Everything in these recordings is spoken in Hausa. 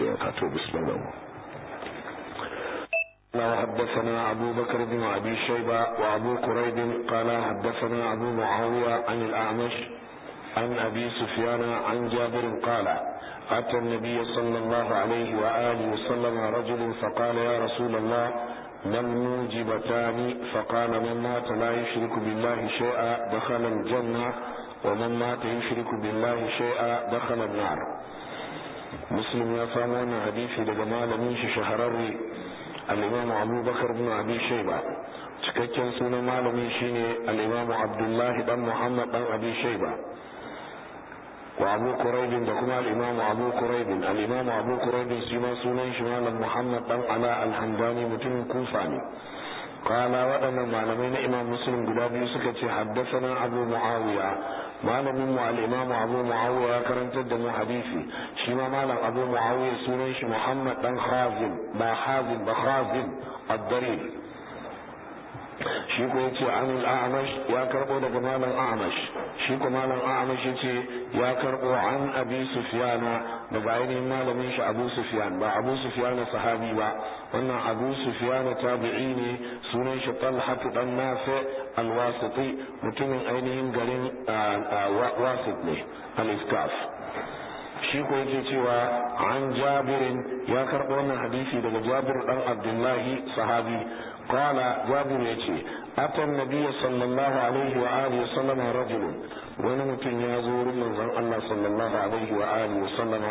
cewa ka to bismi da haddasa na Abu bin Abi Shayba wa Abu Quraid qala haddasa na Abu Muawiya an al-A'mash an Abi Sufyan an Jabir qala أتى النبي صلى الله عليه وآله وسلم رجل فقال يا رسول الله ما الموجبتان فقال من مات لا يشرك بالله شيئا دخل الجنة ومن مات يشرك بالله شيئا دخل النار muslim ya samo wannan hadisi daga malamin shi shahararre al-imam bakar bin abi shayba cikakken sunan malamin shine al-imam abdullah dan muhammad dan abi shayba wa abu quraib da kuma al-imam abu quraib al-imam abu quraib shi sunan shi malam muhammad ɗan ala al mutumin kufa ne قال waɗannan malamai na imam muslim guda biyu suka ce haddasa na abu muawiya malamin mu al-imamu abu muawiya ya karantar da mu hadisi shi ma malam abu muawiya sunan shi muhammad dan khazim ba khazim ba khazim ad-darif shi ko yace anil a'mash ya karbo daga malam a'mash shi ko malam a'mash yace ya karbo an abi sufyan daga ainihin malamin shi abu sufyan ba abu sufyan sahabi ba wannan abu sufyan tabi'i ne sunan shi talha dan nafi al-wasiti mutumin ainihin garin wasit ne al-iskaf shi ko yake cewa an jabirin ya karɓo wannan hadisi daga jabir dan abdullahi sahabi قال جابر يتي أتى النبي صلى الله عليه وآله وسلم رجل ونمتن يزور من ذن الله صلى الله عليه وآله وسلم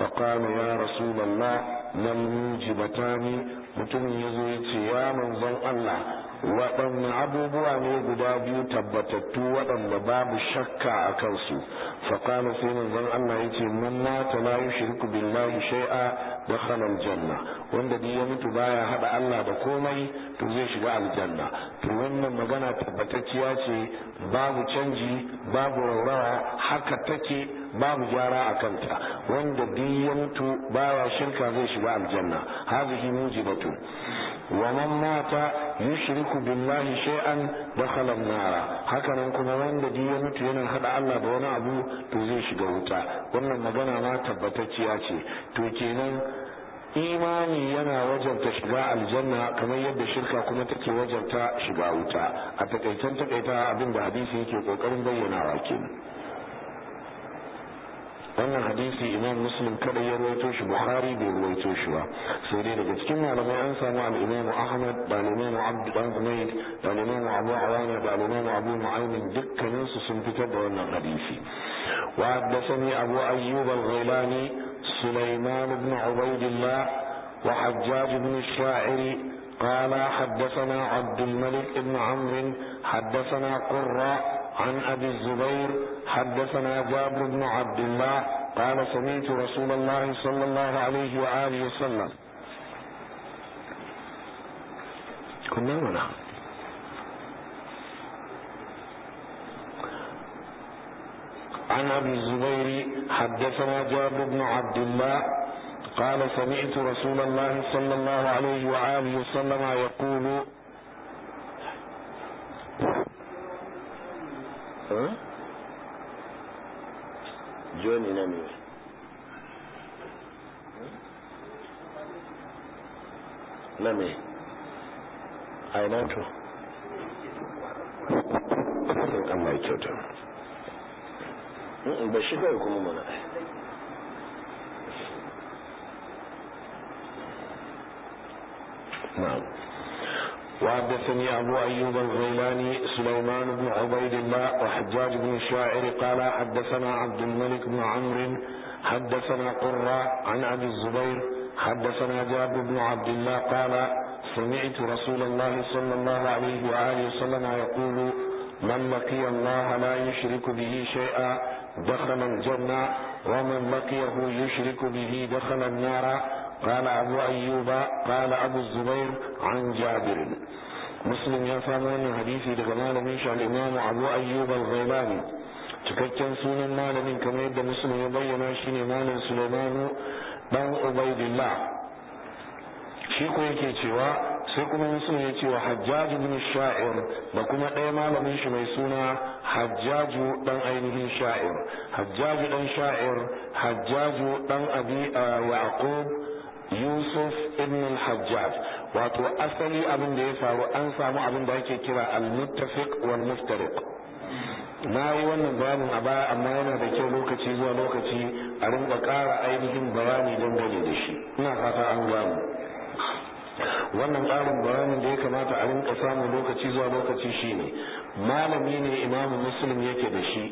فقال يا رسول الله لم يوجبتان متن يزور يا من ذن الله waɗanne abubuwa ne guda biyu tabbatattu waɗanda babu shakka a kansu faƙala sai manzon Allah ya ce man mata la yushriku billahi shay'a dakhala janna wanda duk ya mutu baya hada Allah da komai to zai shiga aljanna to wannan magana tabbatacciya ce babu canji babu rawa haka take babu gyara a kanta wanda duk ya mutu baya shirka zai shiga aljanna hadhihi mujibatu ومن مات يشرك بالله شيئا دخل النار هكذا كما wanda duk ya mutu yana haɗa Allah da wani abu to zai shiga wuta wannan magana ma tabbatacciya ce to kenan imani yana wajabta shiga aljanna kamar yadda shirka kuma take wajabta shiga wuta a takaitan takaita abin da hadisi yake kokarin wa kenan wannan hadisi imam muslim kada ya ruwaito shi buhari bai ruwaito shi ba sai dai daga cikin malamai an samu al-imam ahmad da al-imam abd dan humayd da al-imam abu awana da al-imam abu mu'aymin dukkanin su sun fitar da wannan hadisi wa haddathani abu ayyub al-ghailani sulaiman ibn ubaydillah wa hajjaj ibn sha'iri قال حدثنا عبد الملك بن عمرو حدثنا قرة عن أبي الزبير حدثنا جابر بن عبد الله قال سمعت رسول الله صلى الله عليه وآله وسلم كنا هنا عن أبي الزبير حدثنا جابر بن عبد الله قال سمعت رسول الله صلى الله عليه وآله وسلم يقول ها؟ joni hmm, na me na me a ba shi kawai kuma mana وحدثني أبو أيوب الغيلاني سليمان بن عبيد الله وحجاج بن الشاعر قال حدثنا عبد الملك بن عمرو حدثنا قرة عن أبي الزبير حدثنا جابر بن عبد الله قال سمعت رسول الله صلى الله عليه وآله وسلم يقول من لقي الله لا يشرك به شيئا دخل الجنة ومن لقيه يشرك به دخل النار قال أبو أيوب قال أبو الزبير عن جابر muslim ya samu wannan hadisi daga malamin shi al-imam abu ayyub al-ghailani cikakken sunan malamin kamar yadda muslim ya bayyana shine malam sulaimanu dan ubaidillah shi ko yake cewa sai kuma muslim ya ce wa hajjaj ibn sha'ir da kuma ɗaya malamin shi mai suna hajjaju dan ainihin sha'ir hajjaju dan sha'ir hajjaju dan abi ah, yaqub yusuf ibn al-hajjaj wato asali abin da ya faru an samu abin da ake kira al-muttafiq wal muftariq na yi wannan bayanin a baya amma yana da kyau lokaci zuwa lokaci a rinka ƙara ainihin bayani gane da shi ina fata an gano wannan ƙarin bayanin da ya kamata a rinka samu lokaci zuwa lokaci shine malami ne imamu muslim yake da shi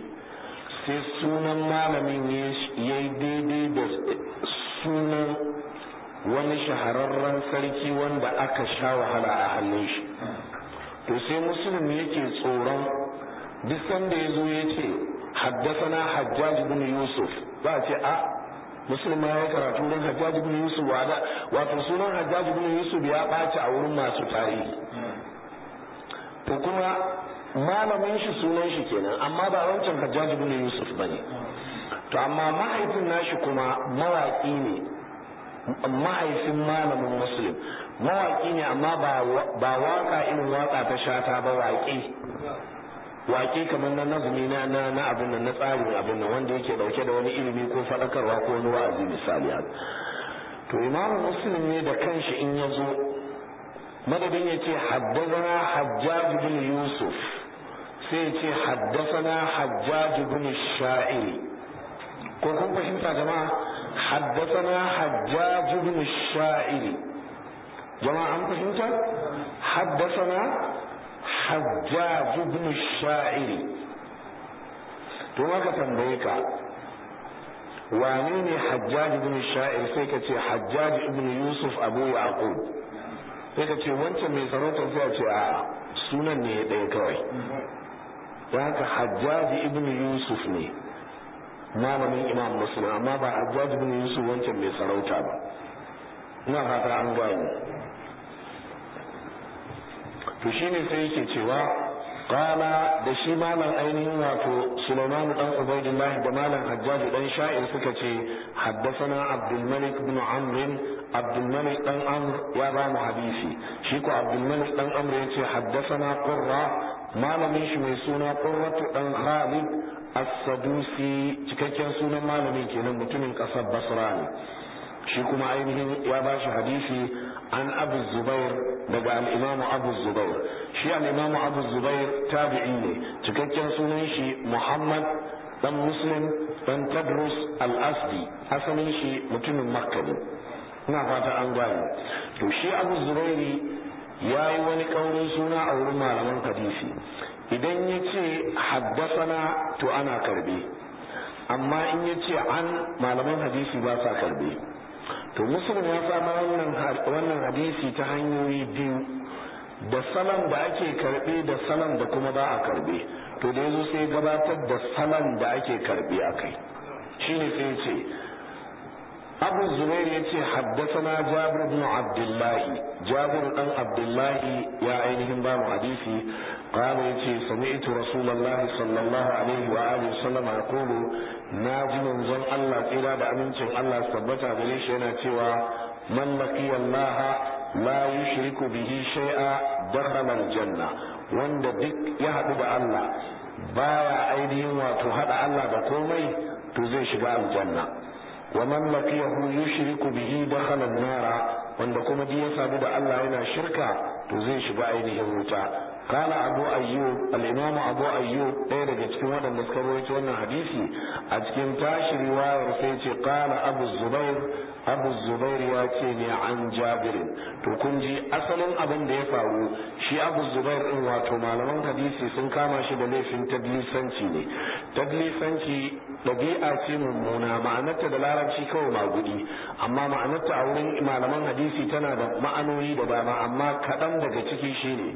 sai sunan malamin ya yi daidai da sunan wani shahararren sarki wanda aka sha wahala a hannun shi to sai musulmi yake tsoron duk sanda ya zo ya ce haddasana hajjaj bin yusuf ba a ce a muslim ya karatu wurin hajjaj bin yusuf wada wato sunan hajjaj bin yusuf ya ɓaci a wurin masu tarihi to kuma malamin shi sunan shi kenan amma ba wancan hajjaj bin yusuf bane to amma mahaifin nashi kuma mawaki ne Mahaifin malamin muslim mawaƙi ne amma ba waƙa irin waƙa ta shata ba waƙi waƙe kamar na nazumi na na abin nan na tsarin abin nan wanda yake dauke da wani ilimi ko faɗakarwa ko wani wa'azi misali to imam muslim ne da kanshi in ya zo madadin ya ce haddazana hajjaj bin yusuf sai ya ce haddazana hajjaj bin sha'iri ko kun fahimta jama'a haddathana hajjaj ibn sha'il jama'a an fahimta haddathana hajjaj ibn sha'il to ka tambaye ka wane ne hajjaj ibn sha'il sai ka ce hajjaj ibn yusuf abu yaqub sai ka ce wancan mai sarauta sai a ce a sunan ne ɗaya kawai ya haka hajjaj ibn yusuf ne malamin imam muslim amma ba a jajibin yusuf wancan mai sarauta ba ina haka an gani to shine sai yake cewa qala da shi malam ainihin wato Sulaiman dan Ubaidillah da malam Hajjaj dan Sha'ir suka ce haddathana Abdul Malik bin Amr Abdul dan Amr ya ba mu hadisi shi ko Abdul Malik dan Amr yace haddathana Qurra malamin shi mai suna Qurratu dan Khalid as-sadusi cikakken sunan malamin kenan mutumin kasar basra ne shi kuma ainihin ya ba shi hadisi an abu zubair daga al'imamu abu zubair shi al'imamu abu zubair tabi'i ne cikakken sunan shi muhammad dan muslim dan Tadrus al-asdi asalin shi mutumin makka ne ina fata an gane to shi abu zubairi ya yi wani kaurin suna a wurin malaman hadisi idan ya ce haddasana to ana karbe amma in ya ce an malaman hadisi ba sa karbe to musulun ya samu wannan hadisi ta hanyoyi biyu da salon da ake karbe da salon da kuma ba a karbe to da yanzu sai gabatar da salon da ake karbe a kai shine sai ce abu zubair ya ce haddasana jabir ibn abdullahi jabir dan abdullahi ya ainihin ba mu hadisi قال يتي سمعت رسول الله صلى الله عليه وآله وسلم يقول ناجي منزل الله إلى بأمنتم الله ثبت عليه أنا تيوى من لقي الله لا يشرك به شيئا دخل الجنة وند دك يهدد الله بايا أيديهم وتهد الله بقومي تزيش الجنة ومن لقيه يشرك به دخل النار wanda kuma duk ya sadu da Allah yana shirka to zai shiga ainihin wuta قال أبو أيوب الإمام أبو أيوب ɗaya daga cikin waɗanda suka rawaito wannan hadisi a cikin tashi riwayar sai ce qala Abu Zubair Abu Zubair ya ce ne an Jabir to kun ji asalin abin da ya faru shi Abu Zubair din wato malaman hadisi sun kama shi da laifin tadlisanci ne tadlisanci ɗabi'a ce mummuna ma'anarta da larabci kawai magudi amma ma'anarta a wurin malaman hadisi tana da ma'anoni da dama amma kaɗan daga ciki shine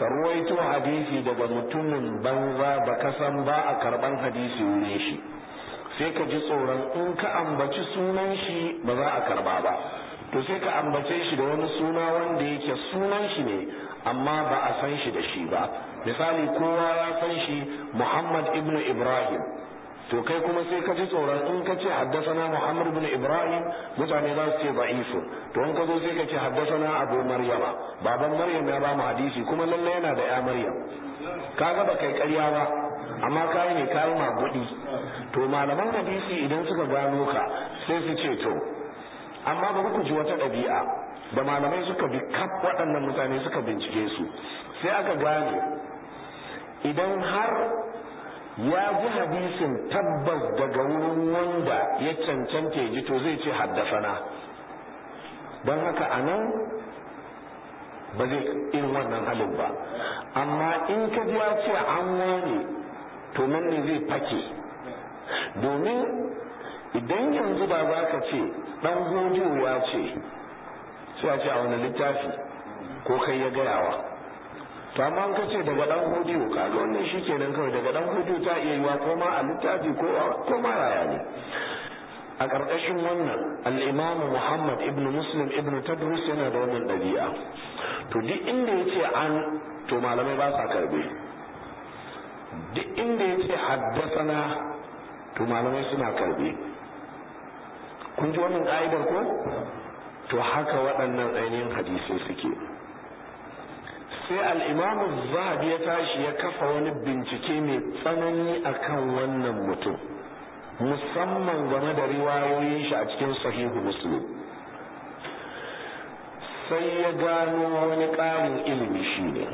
ka ruwaito hadisi daga mutumin banza ba ka san ba a karban hadisi wurin shi sai ka ji tsoron in ka ambaci sunan shi ba za a karba ba to sai ka ambace shi da wani suna wanda yake sunan shi ne amma ba a san shi da shi ba misali kowa ya san shi muhammad ibnu ibrahim to kai kuma sai ka ji tsoron in ka ce haddasana Muhammad bin Ibrahim mutane za su ce da'ifu to in ka zo sai ka ce haddasana Abu Maryama baban Maryam ya ba mu hadisi kuma lalle yana da ya Maryam kaga ba kai karya ba amma yi ne kai maguɗi to malaman hadisi idan suka gano ka sai su ce to amma ba ku ji wata ɗabi'a da malamai suka bi kaf waɗannan mutane suka bincike su sai aka gane idan har ya ji hadisin tabbas daga wurin wanda ya cancanta ya ji to zai ce haddafana don haka a nan ba zai irin wannan halin ba amma in ka ji ya ce an wani to nan ne zai fake domin idan yanzu ba za ka ce dan godiyo ya ce sai ce a wani littafi ko kai ya gayawa to amma an kace daga dan ka ga wannan shikenan kawai daga dan hodiyo ta iya yiwa ko ma a littafi ko ko ma yaya ne a ƙarƙashin wannan al'imamu muhammad ibn muslim ibn tadrus yana da wannan ɗabi'a to duk inda ya ce an to malamai ba sa karbe duk inda ya ce haddasana to malamai suna karbe kun ji wannan ƙa'idar ko to haka waɗannan ainihin hadisai suke sai al'imamu zahabi ya tashi ya kafa wani bincike mai tsanani a kan wannan mutum musamman game da riwayoyin shi a cikin sahihu muslim sai ya gano wani ƙarin ilimi shi ne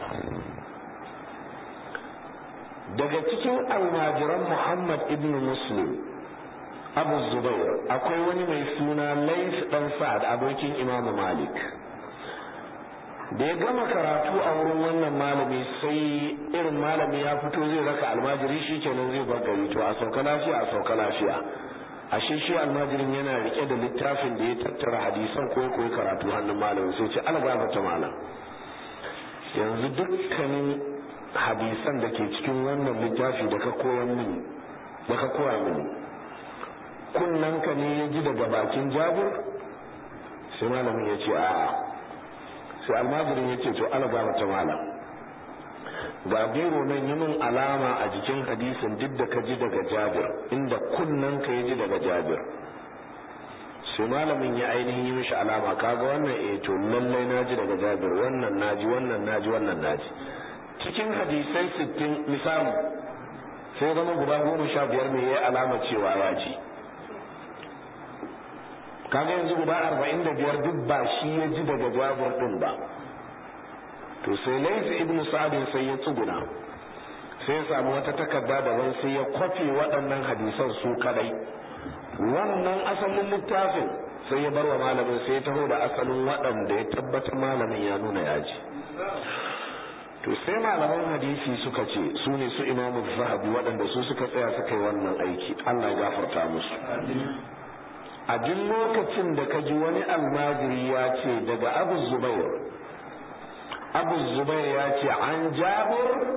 daga cikin almajiran muhammad ibn muslim abu zubair akwai wani mai suna laif ɗan sa'ad abokin imamu malik da ya gama karatu a wurin wannan malami sai irin malami ya fito zai raka almajiri shi kenan zai bar gari to a sauka lafiya a sauka lafiya ashe shi almajirin yana rike da littafin da ya tattara hadisan ko koyi karatu hannun malamin sai ce algaba ta malam yanzu dukkanin hadisan da ke cikin wannan littafi da ka koyan mini da ka koya mini kunnanka ne ya ji daga bakin jabir sai malamin ya ce a'a sai almajirin ya ce to ana ba mata mala ga biro nan yi min alama a jikin hadisin duk da ka ji daga jabir inda kunnen ka ya ji daga jabir sai malamin ya ainihin yi mishi alama kaga wannan eh to lallai ji daga jabir wannan naji wannan naji wannan naji cikin hadisai sittin misali sai zama guda goma sha biyar ne ya alama cewa ya ji kaga yanzu guda arba'in da biyar duk ba shi ya ji daga jabir din ba to sai laisa ibnu sa'adin sai ya tsuguna sai ya samu wata takarda daban sai ya kwafe waɗannan hadisan su kadai wannan asalin littafin sai ya barwa malamin sai ya taho da asalin waɗanda ya tabbata malamin ya nuna ya ji to sai malaman hadisi suka ce su ne su imamu zahabi waɗanda su suka tsaya suka yi wannan aiki allah ya gafarta musu a duk lokacin da ka ji wani almajiri ya ce daga abu zubair abu zubair ya ce an jabir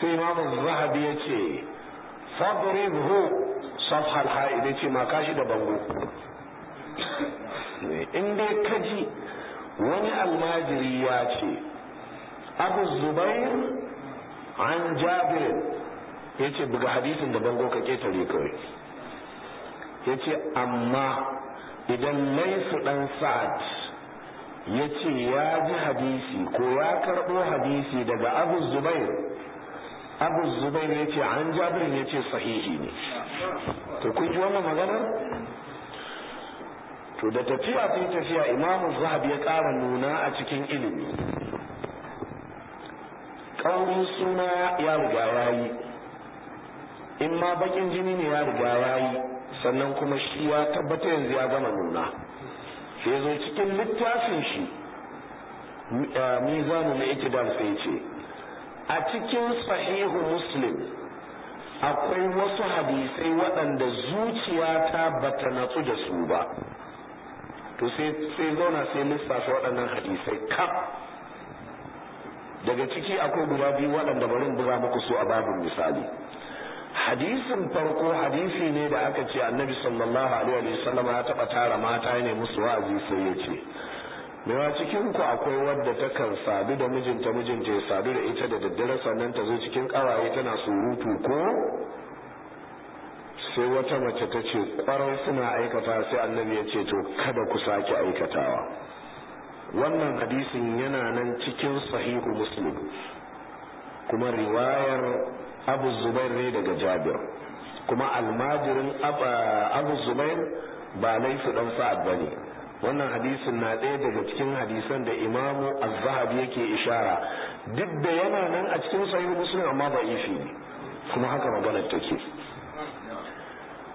sai imamu zahabi ya ce fadribhu safha al ya ce ma kashi da bango in dai ka ji wani almajiri ya ce abu zubair an jabir ya ce buga hadisin da bango ka ketare kawai ya ce amma idan laifu ɗan sa'ad ya ce ya ji hadisi ko ya karɓo hadisi daga abu zubair abu zubair ya ce an jabir ya ce sahihi ne to kun ji wannan maganar to da tafiya sai tafiya imamu zahab ya ƙara nuna a cikin ilimi ƙaurin suna ya riga ya in ma bakin jini ne ya riga ya sannan kuma shi ya tabbata yanzu ya gama nuna sai zo cikin littafin shi eh, mizanu na ikidam sai ce a cikin sahihu muslim akwai wasu hadisai waɗanda zuciyata bata natsu da su ba to sai zauna sai lissafi waɗannan hadisai kaf daga ciki akwai guda biyu waɗanda barin buga muku su a babin misali hadisin farko hadisi ne da aka ce annabi sallallahu alaihi wa sallam ya taba tara mata ne musu wa'azi sai ya ce mewa cikin ku akwai wadda ta kan sadu da mijinta mijinta ya sadu da ita da daddare sannan ta zo cikin kawaye tana surutu ko sai wata mace ta ce kwarar suna aikata sai annabi ya ce to kada ku sake aikatawa wannan hadisin yana nan cikin sahihu muslim kuma riwayar abu zubair ne daga jabir kuma almajirin abu zubair ba laifi dan sa'ad ba ne wannan hadisin na ɗaya daga cikin hadisan da imamu az yake ishara duk da yana nan a cikin sahih muslim amma ba ifi kuma haka maganar take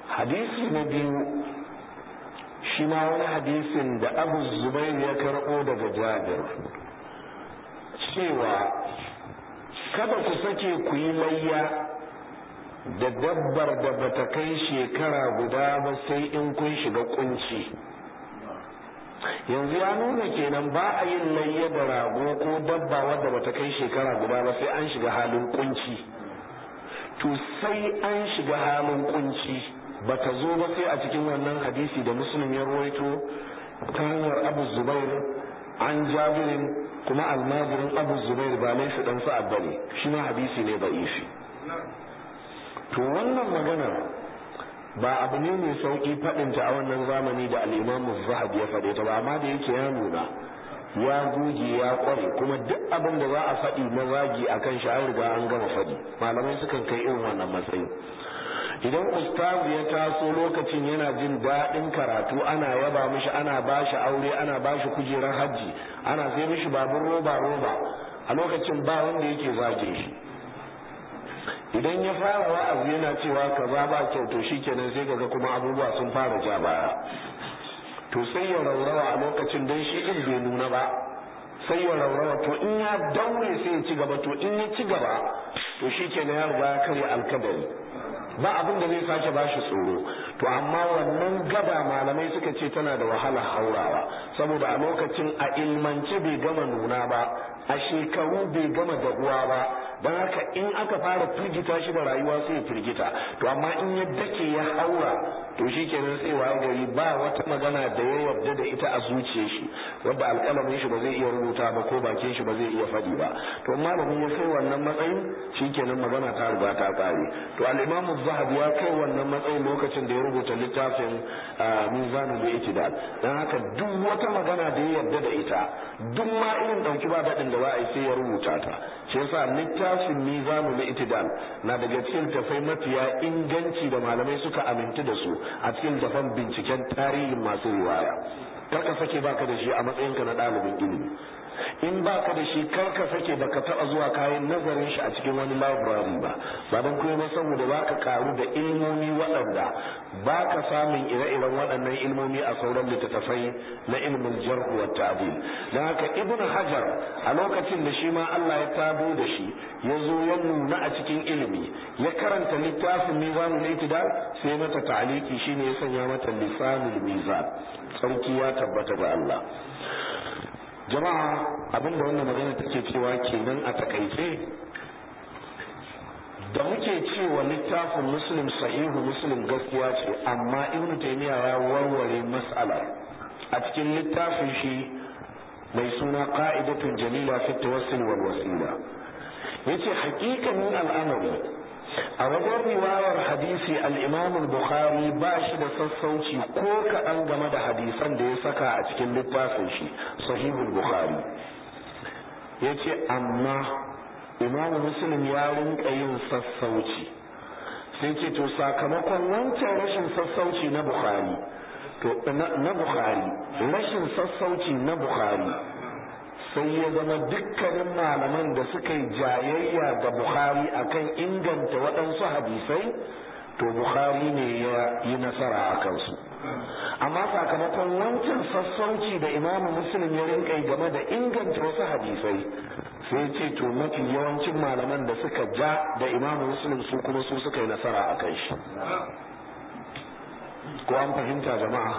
hadisi na biyu shi ma wani hadisin da abu zubair ya karɓo daga jabir cewa kada ku sake ku yi layya da dabbar da bata kai shekara guda ba sai in kun shiga kunci yanzu ya nuna kenan ba a yin layya da rago ko dabba wadda bata kai shekara guda ba sai an shiga halin kunci to sai an shiga halin kunci bata zo ba sai a cikin wannan hadisi da musulmi ya ruwaito ta hanyar abu zubair an jabirin kuma almajirin abu zubair ba laifi dan sa'ad bane shi ma hadisi ne da'ifi to wannan magana ba abu ne mai sauƙi faɗin a wannan zamani da al'imamu zahab ya faɗe ta ba amma da yake ya nuna ya goge ya kware kuma duk abin da za a faɗi na zagi kan shi an riga an gama faɗi malamai sukan kai irin wannan matsayin. idan ustaz ya taso lokacin yana jin daɗin karatu ana yaba mishi ana bashi aure ana bashi kujerar hajji ana sai mishi babin roba roba a lokacin ba wanda yake zage shi idan ya fara wa'azi yana cewa kaza ba kyau to shikenan sai kaga kuma abubuwa sun fara ja baya to sai ya raurawa a lokacin don shi in bai nuna ba sai ya raurawa to in ya daure sai ya ci gaba to in ya ci gaba to shikenan ya riga ya karya alkadari ba abin da zai sake shi tsoro to amma wannan gada malamai suka ce tana da wahala haurawa saboda a lokacin a ilmance bai gama nuna ba a shekaru bai gama dahuwa ba don haka in aka fara firgita shi ba rayuwa sai ya firgita to amma in ya dake ya haura to shi sai waye gari ba wata magana da ya yarda da ita a zuciyar shi wadda alƙalamin shi ba zai iya rubuta ba ko bakin shi ba zai iya faɗi ba to malamin ya kai wannan matsayin shi nan magana ta riga ta ƙare to al'imamu zahabi ya kai wannan matsayin lokacin da ya rubuta littafin mizanul i'tidal don haka duk wata magana da ya yarda da ita duk ma irin dauki ba daɗin da ba a sai ya rubuta ta shi yasa littafin mizanul i'tidal na daga cikin tafai mafiya inganci da malamai suka amintu da su a cikin dafan binciken tarihin masu riwaya kar ka sake baka da shi a matsayinka na ɗalibin ilimi in ba ka da shi kar ka sake ba ka taɓa zuwa kayan nazarin shi a cikin wani laburari ba ba don ba saboda ba ka karu da ilmomi waɗanda ba ka samun ire-iren waɗannan ilmomi a sauran littattafai na ilmin jarhu wa ta'dil don haka ibn hajar a lokacin da shi ma Allah ya tabo da shi ya zo ya nuna a cikin ilimi ya karanta littafin mizanul itidal sai mata ta'aliki shine ya sanya mata lisanul mizan sarki ya tabbata ga Allah jama'a abin da wannan magana take cewa kenan a takaice da muke cewa littafin muslim sahihu muslim gaskiya ce amma ibnu taymiya ya warware mas'ala a cikin littafin shi mai suna qa'idatun jamila fi tawassul wal wasila yace hakikanin al'amari a wajen riwayar hadisi al'imamin bukhari ba shi da sassauci ko kaɗan game da hadisan da ya saka a cikin littafin shi sahihul bukhari ya ce amma imamu muslim ya rinka yin sassauci sai ce to sakamakon wancan rashin sassauci na bukhari to na bukhari rashin sassauci na bukhari sai ya zama dukkanin malaman da suka yi jayayya ga bukhari akan inganta waɗansu hadisai to bukhari ne ya yi nasara a kansu amma sakamakon wancan sassauci da imamu muslim ya rinka game da inganta wasu hadisai sai ce to mafi yawancin malaman da suka ja da imamu muslim su kuma su suka yi nasara a kan shi ko an fahimta jama'a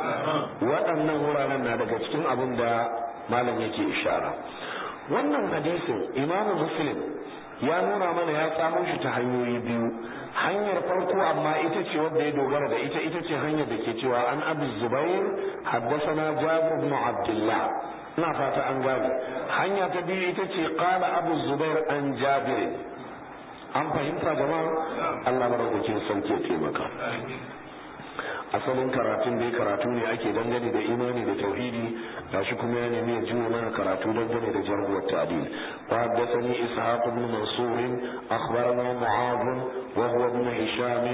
waɗannan wuraren na daga cikin abin da malam yake ishara wannan hadisin imamu muslim ya nuna mana ya samu shi ta hanyoyi biyu hanyar farko amma ita ce wadda ya dogara da ita ita ce hanyar da ke cewa an abu zubair haddasana jabir ibn abdullah ina fata an gane hanya ta biyu ita ce qala abu zubair an jabir an fahimta gaba Allah madaukakin sarki ya taimaka asalin karatun dai karatu ne ake dangane da imani da tauhidi shi kuma ya nemi ya mana karatu dangane da jarhuwar ta'dil wa haddathani ishaq ibn mansur akhbarana mu'adh wa huwa ibn hisham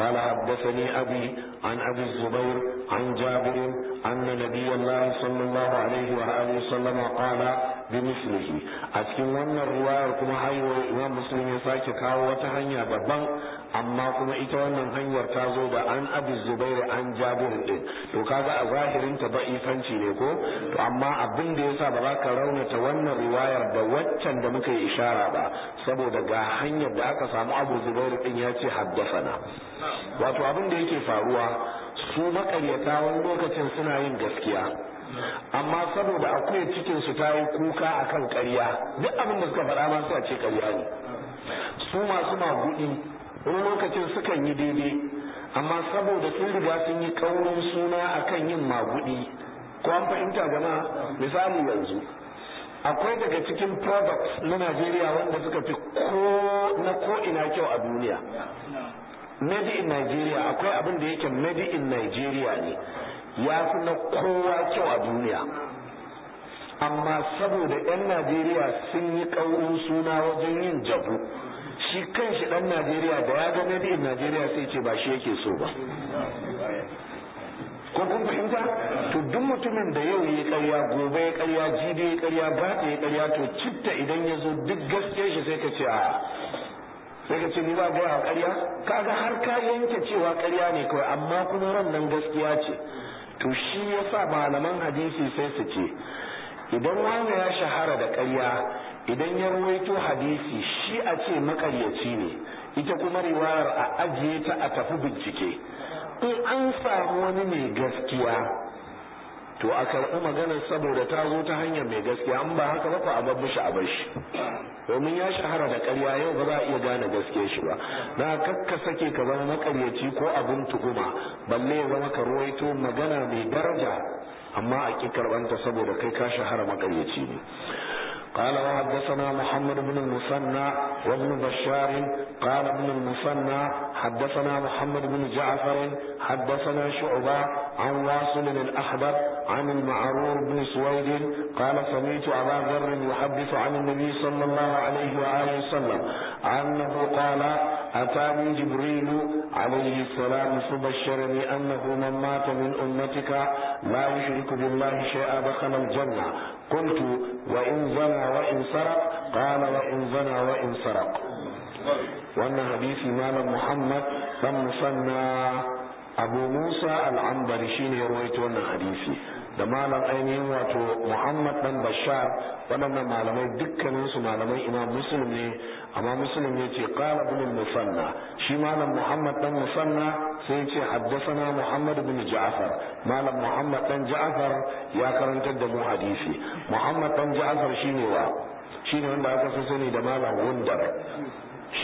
qala haddathani abi an abi zubair an jabir anna nabiyallah sallallahu alaihi wa alihi sallam qala bimislihi a cikin wannan ruwayar kuma haiwa imam muslim ya sake kawo wata hanya babban amma kuma ita wannan hanyar ta zo da an abi zubair an jabir din to kaga a zahirin ta ba'ifanci ne ko to amma abin da yasa ba za ka raunata wannan riwayar da waccan da muka yi ishara ba saboda ga hanyar da aka samu Abu Zubair din ya ce haddafana wato abin da yake faruwa su makaryata wani lokacin suna yin gaskiya amma saboda akwai cikin su ta yi kuka akan ƙarya duk abin da suka faɗa ma ce ƙarya ne su masu magudi wani lokacin sukan yi daidai amma saboda sun riga sun yi kaurin suna akan yin maguɗi, ko an fahimta gama misali yanzu akwai daga cikin products na Najeriya wanda suka fi ko na ko ina kyau a duniya made in Nigeria akwai abin da yake made in Nigeria ne ya fi na kowa kyau a duniya amma saboda 'yan Najeriya sun yi ƙaurin suna wajen yin jabu shi kanshi dan Najeriya ba ya ga made in Najeriya sai ce ba shi yake so ba ko kun fahimta to duk mutumin da yau ya karya gobe ya karya jibi ya karya ba ta ya karya to citta idan ya zo duk gaske shi sai ka ce a sai ka ce ni ba gaya karya kaga har ka yanke cewa karya ne kawai amma kuma ran nan gaskiya ce to shi yasa malaman hadisi sai su ce idan wani ya shahara da ƙarya idan ya ruwaito hadisi shi a ce makaryaci ne ita kuma riwayar a ajiye ta a tafi bincike in an samu wani mai gaskiya to a karɓi maganar saboda ta zo ta hanyar mai gaskiya an ba haka ba a bar mishi a bar shi domin ya shahara da ƙarya yau ba za a iya gane gaskiyar shi ba na kakka sake ka zama makaryaci ko abin tuhuma balle ya zama ka ruwaito magana mai daraja amma a ƙi karɓanta saboda kai ka shahara maƙaryaci ne قال وحدثنا محمد بن المثنى وابن بشار قال ابن المثنى حدثنا محمد بن جعفر حدثنا شعبة عن واصل الأحبر عن المعرور بن سويد قال سمعت أبا ذر يحدث عن النبي صلى الله عليه وآله وسلم أنه قال أتاني جبريل عليه السلام فبشرني أنه من مات من أمتك لا يشرك بالله شيئا دخل الجنة قلت وإن زنى وإن سرق قال وإن زنى وإن سرق وأن حديث مال محمد لم abu musa al'ambari shine ya rawaito wannan hadisi da malam ainihin wato muhammad dan bashar waɗannan malamai dukkaninsu malamai imam muslim ne amma muslim ya ce qala ibn musanna shi malam muhammad dan musanna sai ya ce haddasana muhammad ibn ja'far malam muhammad dan ja'far ya karantar da mu hadisi muhammad dan ja'far shine wa shine wanda aka sani da malam wundar.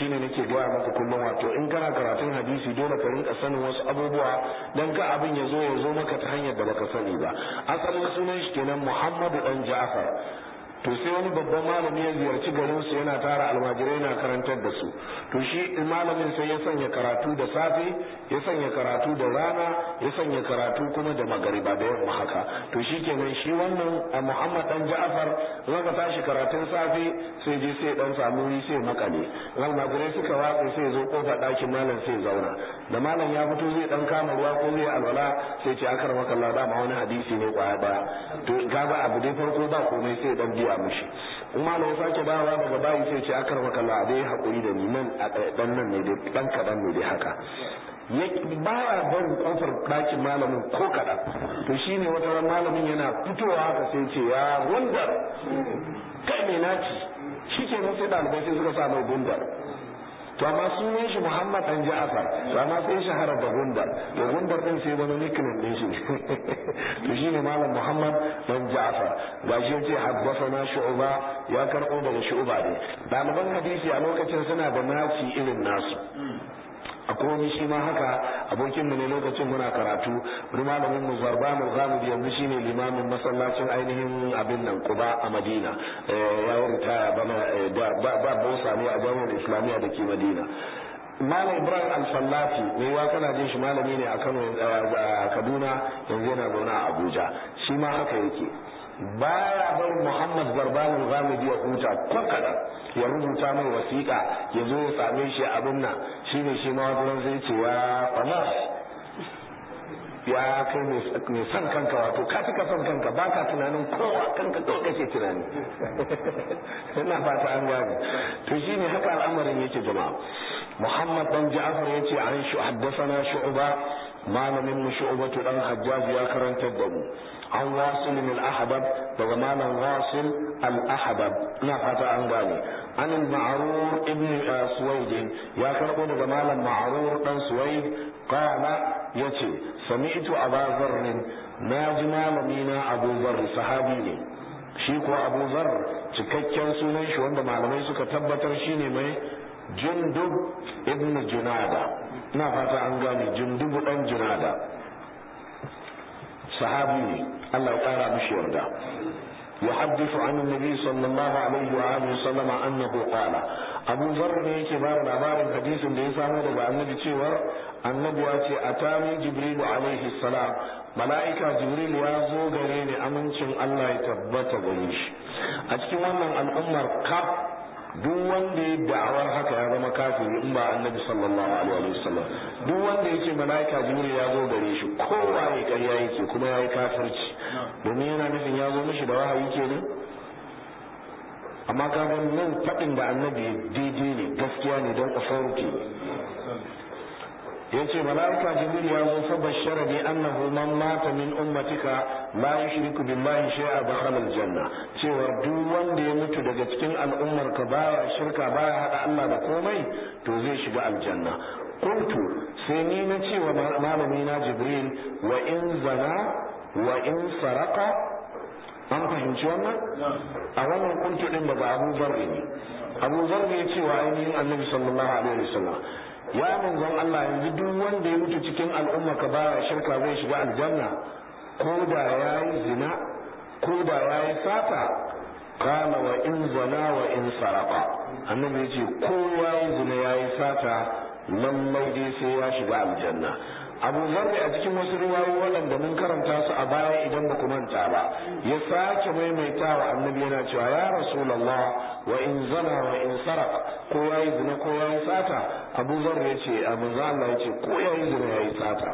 ne nake goya maka kullum wato in kana karatun hadisi dole ka rinka sanin wasu abubuwa dan ka abin ya zo ya zo maka ta hanyar da baka sani ba asalin sunan shi kenan Muhammadu dan Ja'far to sai wani babban malami ya ziyarci garin su yana tara almajirai na karantar da su to shi malamin sai ya sanya karatu da safe ya sanya karatu da rana ya sanya karatu kuma da magariba da yamma haka to shi kenan shi wannan a Muhammad dan Ja'far zaka tashi karatun safe sai je sai dan samu wuri sai makale almajirai suka watsa sai zo kofar ɗakin malam sai zauna da malam ya fito zai dan kama ruwa ko zai alwala sai ce akar maka Allah dama wani hadisi ne kwaya daya to ba abu dai farko ba komai sai dan biya koya mushi in ma ya sake dawowa daga bayi sai ce akar maka la dai hakuri da ni nan a dan nan ne dai dan kadan ne dai haka ba ya barin kofar ɗakin malamin ko kaɗan to shi ne wata malamin yana fitowa haka sai ce ya wanda kai mai naci shi ke sai ɗalibai sai suka sa mai gundar to amma sunan shi Muhammad dan Ja'far to amma sai shahara da Gundar to Gundar din sai wani nickname din shi to shi ne malam Muhammad dan Ja'far gashi yace haddathana Shu'ba ya karɓo daga Shu'ba ne ɗaliban hadisi a lokacin suna da naci irin nasu A komi shi ma haka abokin mu ne lokacin muna karatu wani malamin mu zarban al-ghamidi yanzu shine limamin masallacin ainihin abin nan kuba a madina eh, ya ritaya bana eh, ba ba bosa ne a jami'ar islamiyya da ke madina Malam Ibrahim Al-Fallafi mai wa kana jin shi malami ne a Kano eh, a Kaduna yanzu yana zaune a Abuja shi ma haka yake baya bar Muhammad Barbanin Ghamidi ya huta ko kada ya rubuta mai wasiƙa ya zo ya same shi abin nan shine shi ma wani zai ce wa fama ya kai mai son kanka wato ka fi son kanka ba ka tunanin kowa kanka kawai kake tunani ina fata an gani to shi ne haka al'amarin yake jama'a Muhammad dan Ja'far yace an shu haddathana shu'ba malamin mu shu'batu dan Hajjaj ya karanta da mu an wasil al ahabab daga malam wasil al ahabab ina fata an gane an ma'rur ibn uh, suwaid ya karbo daga malam ma'rur dan suwaid qala yace sami'tu aba zarr na ji malami na abu zarr sahabi ne shi ko abu zarr cikakken sunan shi wanda malamai suka tabbatar shi ne mai jundub ibn junada ina fata an gane jundubu dan junada sahabi ne Allah ya kara mishi yarda يحدث عن النبي صلى الله عليه وآله وسلم أنه قال أبو ذر يكي بار الأبار الحديث اللي يسامه دبا النبي تيور النبي أتي أتاني جبريل عليه السلام ملائكة جبريل يازو غريني أمنشن الله يتبت غريش أتكي وانا الأمر كب duk wanda ya da'awar haka ya zama kafiri in ba annabi sallallahu alaihi wasallam duk wanda yake malaika jibril ya zo gare shi kowa ya ƙarya yake kuma yayi yi kafirci domin yana nufin ya zo mishi da wahayi kenan amma ga nan faɗin da annabi daidai ne gaskiya ne don authority yace malaika jibril ya zo fa bashara bi annahu man mata min ummatika la yushriku billahi shay'a dakhala aljanna cewa duk wanda ya mutu daga cikin al'ummar ka baya shirka baya hada Allah da komai to zai shiga aljanna Kuntu sai ni na ce wa malami na jibril wa in zana wa in saraka an fahimci wannan a wannan kuntu din ba abu zarri ne abu zarri ya ce wa ainihin annabi sallallahu alaihi wasallam ya manzon Allah yanzu duk wanda ya mutu cikin al'umma ka baya shirka zai shiga aljanna ko da ya yi zina ko da ya sata kana wa in zana wa in sarafa annabi ya ce ko ya zina ya yi sata lallai dai sai ya shiga aljanna abu zarri a cikin wasu ruwayo waɗanda mun karanta su a baya idan ba ku manta ba ya sake maimaitawa annabi yana cewa ya rasulullah wa in zana wa in sarak ko yayi zina ko yayi sata abu zarri yace abu Allah yace ko yayi zina yayi sata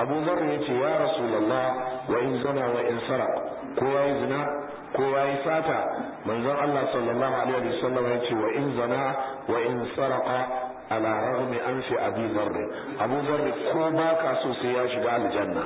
abu zarri yace ya rasulullah wa in zana wa in sarak ko yayi zina ko yayi sata manzon Allah sallallahu alaihi wasallam yace wa in zana wa in saraka ala mai an fi abi zarri abu zarri ko ba ka so sai ya shiga aljanna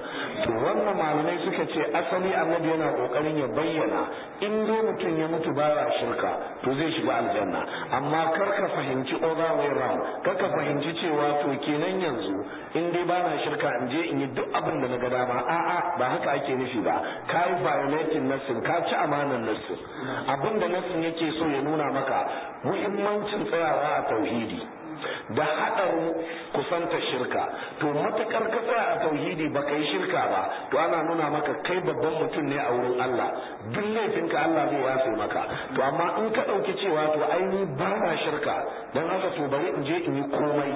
to wannan malamai suka ce asali annabi yana kokarin ya bayyana in dai mutum ya mutu baya shirka to zai shiga aljanna amma kar ka fahimci other way round kar ka fahimci cewa to kenan yanzu in dai ba na shirka in je in yi duk abin da na ga dama a'a ba haka ake nufi ba ka yi violating nassin ka ci amanar nassin abin da nassin yake so ya nuna maka muhimmancin tsayawa a tauhidi da haɗarin kusanta shirka to matakar kasa a tauhidi ba yi shirka ba to ana nuna maka kai babban mutum ne a wurin Allah duk laifinka Allah zai yafe maka to amma in ka ɗauki cewa to aini ba na shirka don haka to bari in je in yi komai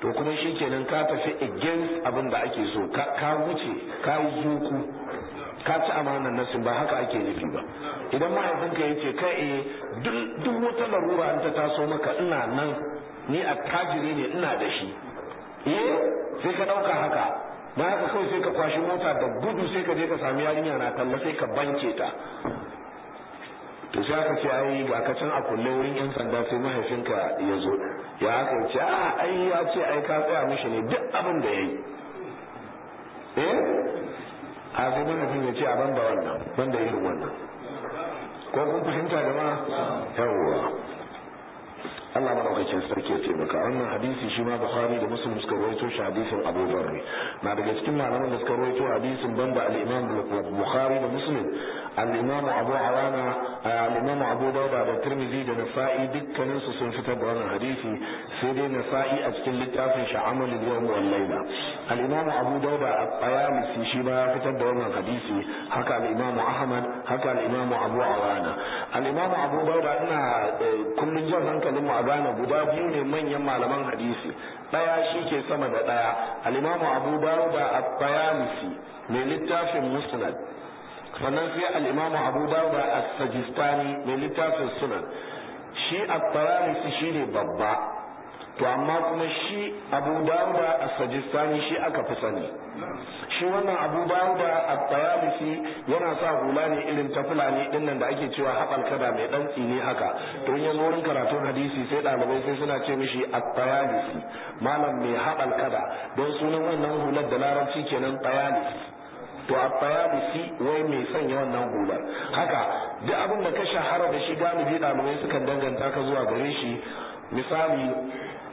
to kuma shi kenan ka tafi against abin da ake so ka wuce ka yi zuku ka ci amanar nasin ba haka ake nufi ba idan mahaifinka ya ce kai eh, duk wata larura an ta taso maka ina nan ni a tajiri ne ina da shi eh sai ka ɗauka haka na haka kawai sai ka kwashi mota da gudu sai ka je ka sami yarinya na talla sai ka banke ta to sai aka ce ai ga ka can a kulle wurin yan sanda sai mahaifinka ya zo ya aka ce a ah, ai ya ce ai ka tsaya mishi ne duk abin da yayi eh a sai mahaifin ya ce a ban da wannan banda irin wannan ko kun fahimta jama'a yawwa Allah madaukakin sarki ya taimaka wannan hadisi shi ma Bukhari da Muslim suka rawaito shi hadisin Abu Dharr na daga cikin malaman da suka rawaito hadisin banda al-Imam Bukhari da Muslim al-imam abu awana uh, abu dauda da tirmidhi da nasa'i dukkanin su sun fitar da wannan hadisi sai dai nasa'i a cikin littafin shi amalul yawm wal layla al-imam abu dauda at-tayalisi shi ma ya fitar da wannan hadisi haka al ahmad haka al abu awana al abu dauda ina eh, kullun jan hankalin mu a gane guda biyu ne manyan malaman hadisi daya shi ke sama da ɗaya. al abu dauda at-tayalisi mai littafin musnad sannan sai al-imamu abu dawud a sajistani mai littafin sunan shi at shi ne babba to amma kuma shi abu dawud a sajistani shi aka fi sani shi wannan abu dawud a taranisi yana sa hula ne irin ta fulani dinnan da ake cewa haɓar kada mai ɗan tsini haka to in wurin karatun hadisi sai ɗalibai sai suna ce mishi at-taranisi malam mai haɓar kada don sunan wannan hular da larabci kenan taranisi to a tsaya shi wai mai yawan nan hular haka duk abin da ka shahara da shi galibi ɗalibai sukan danganta ka zuwa gare shi misali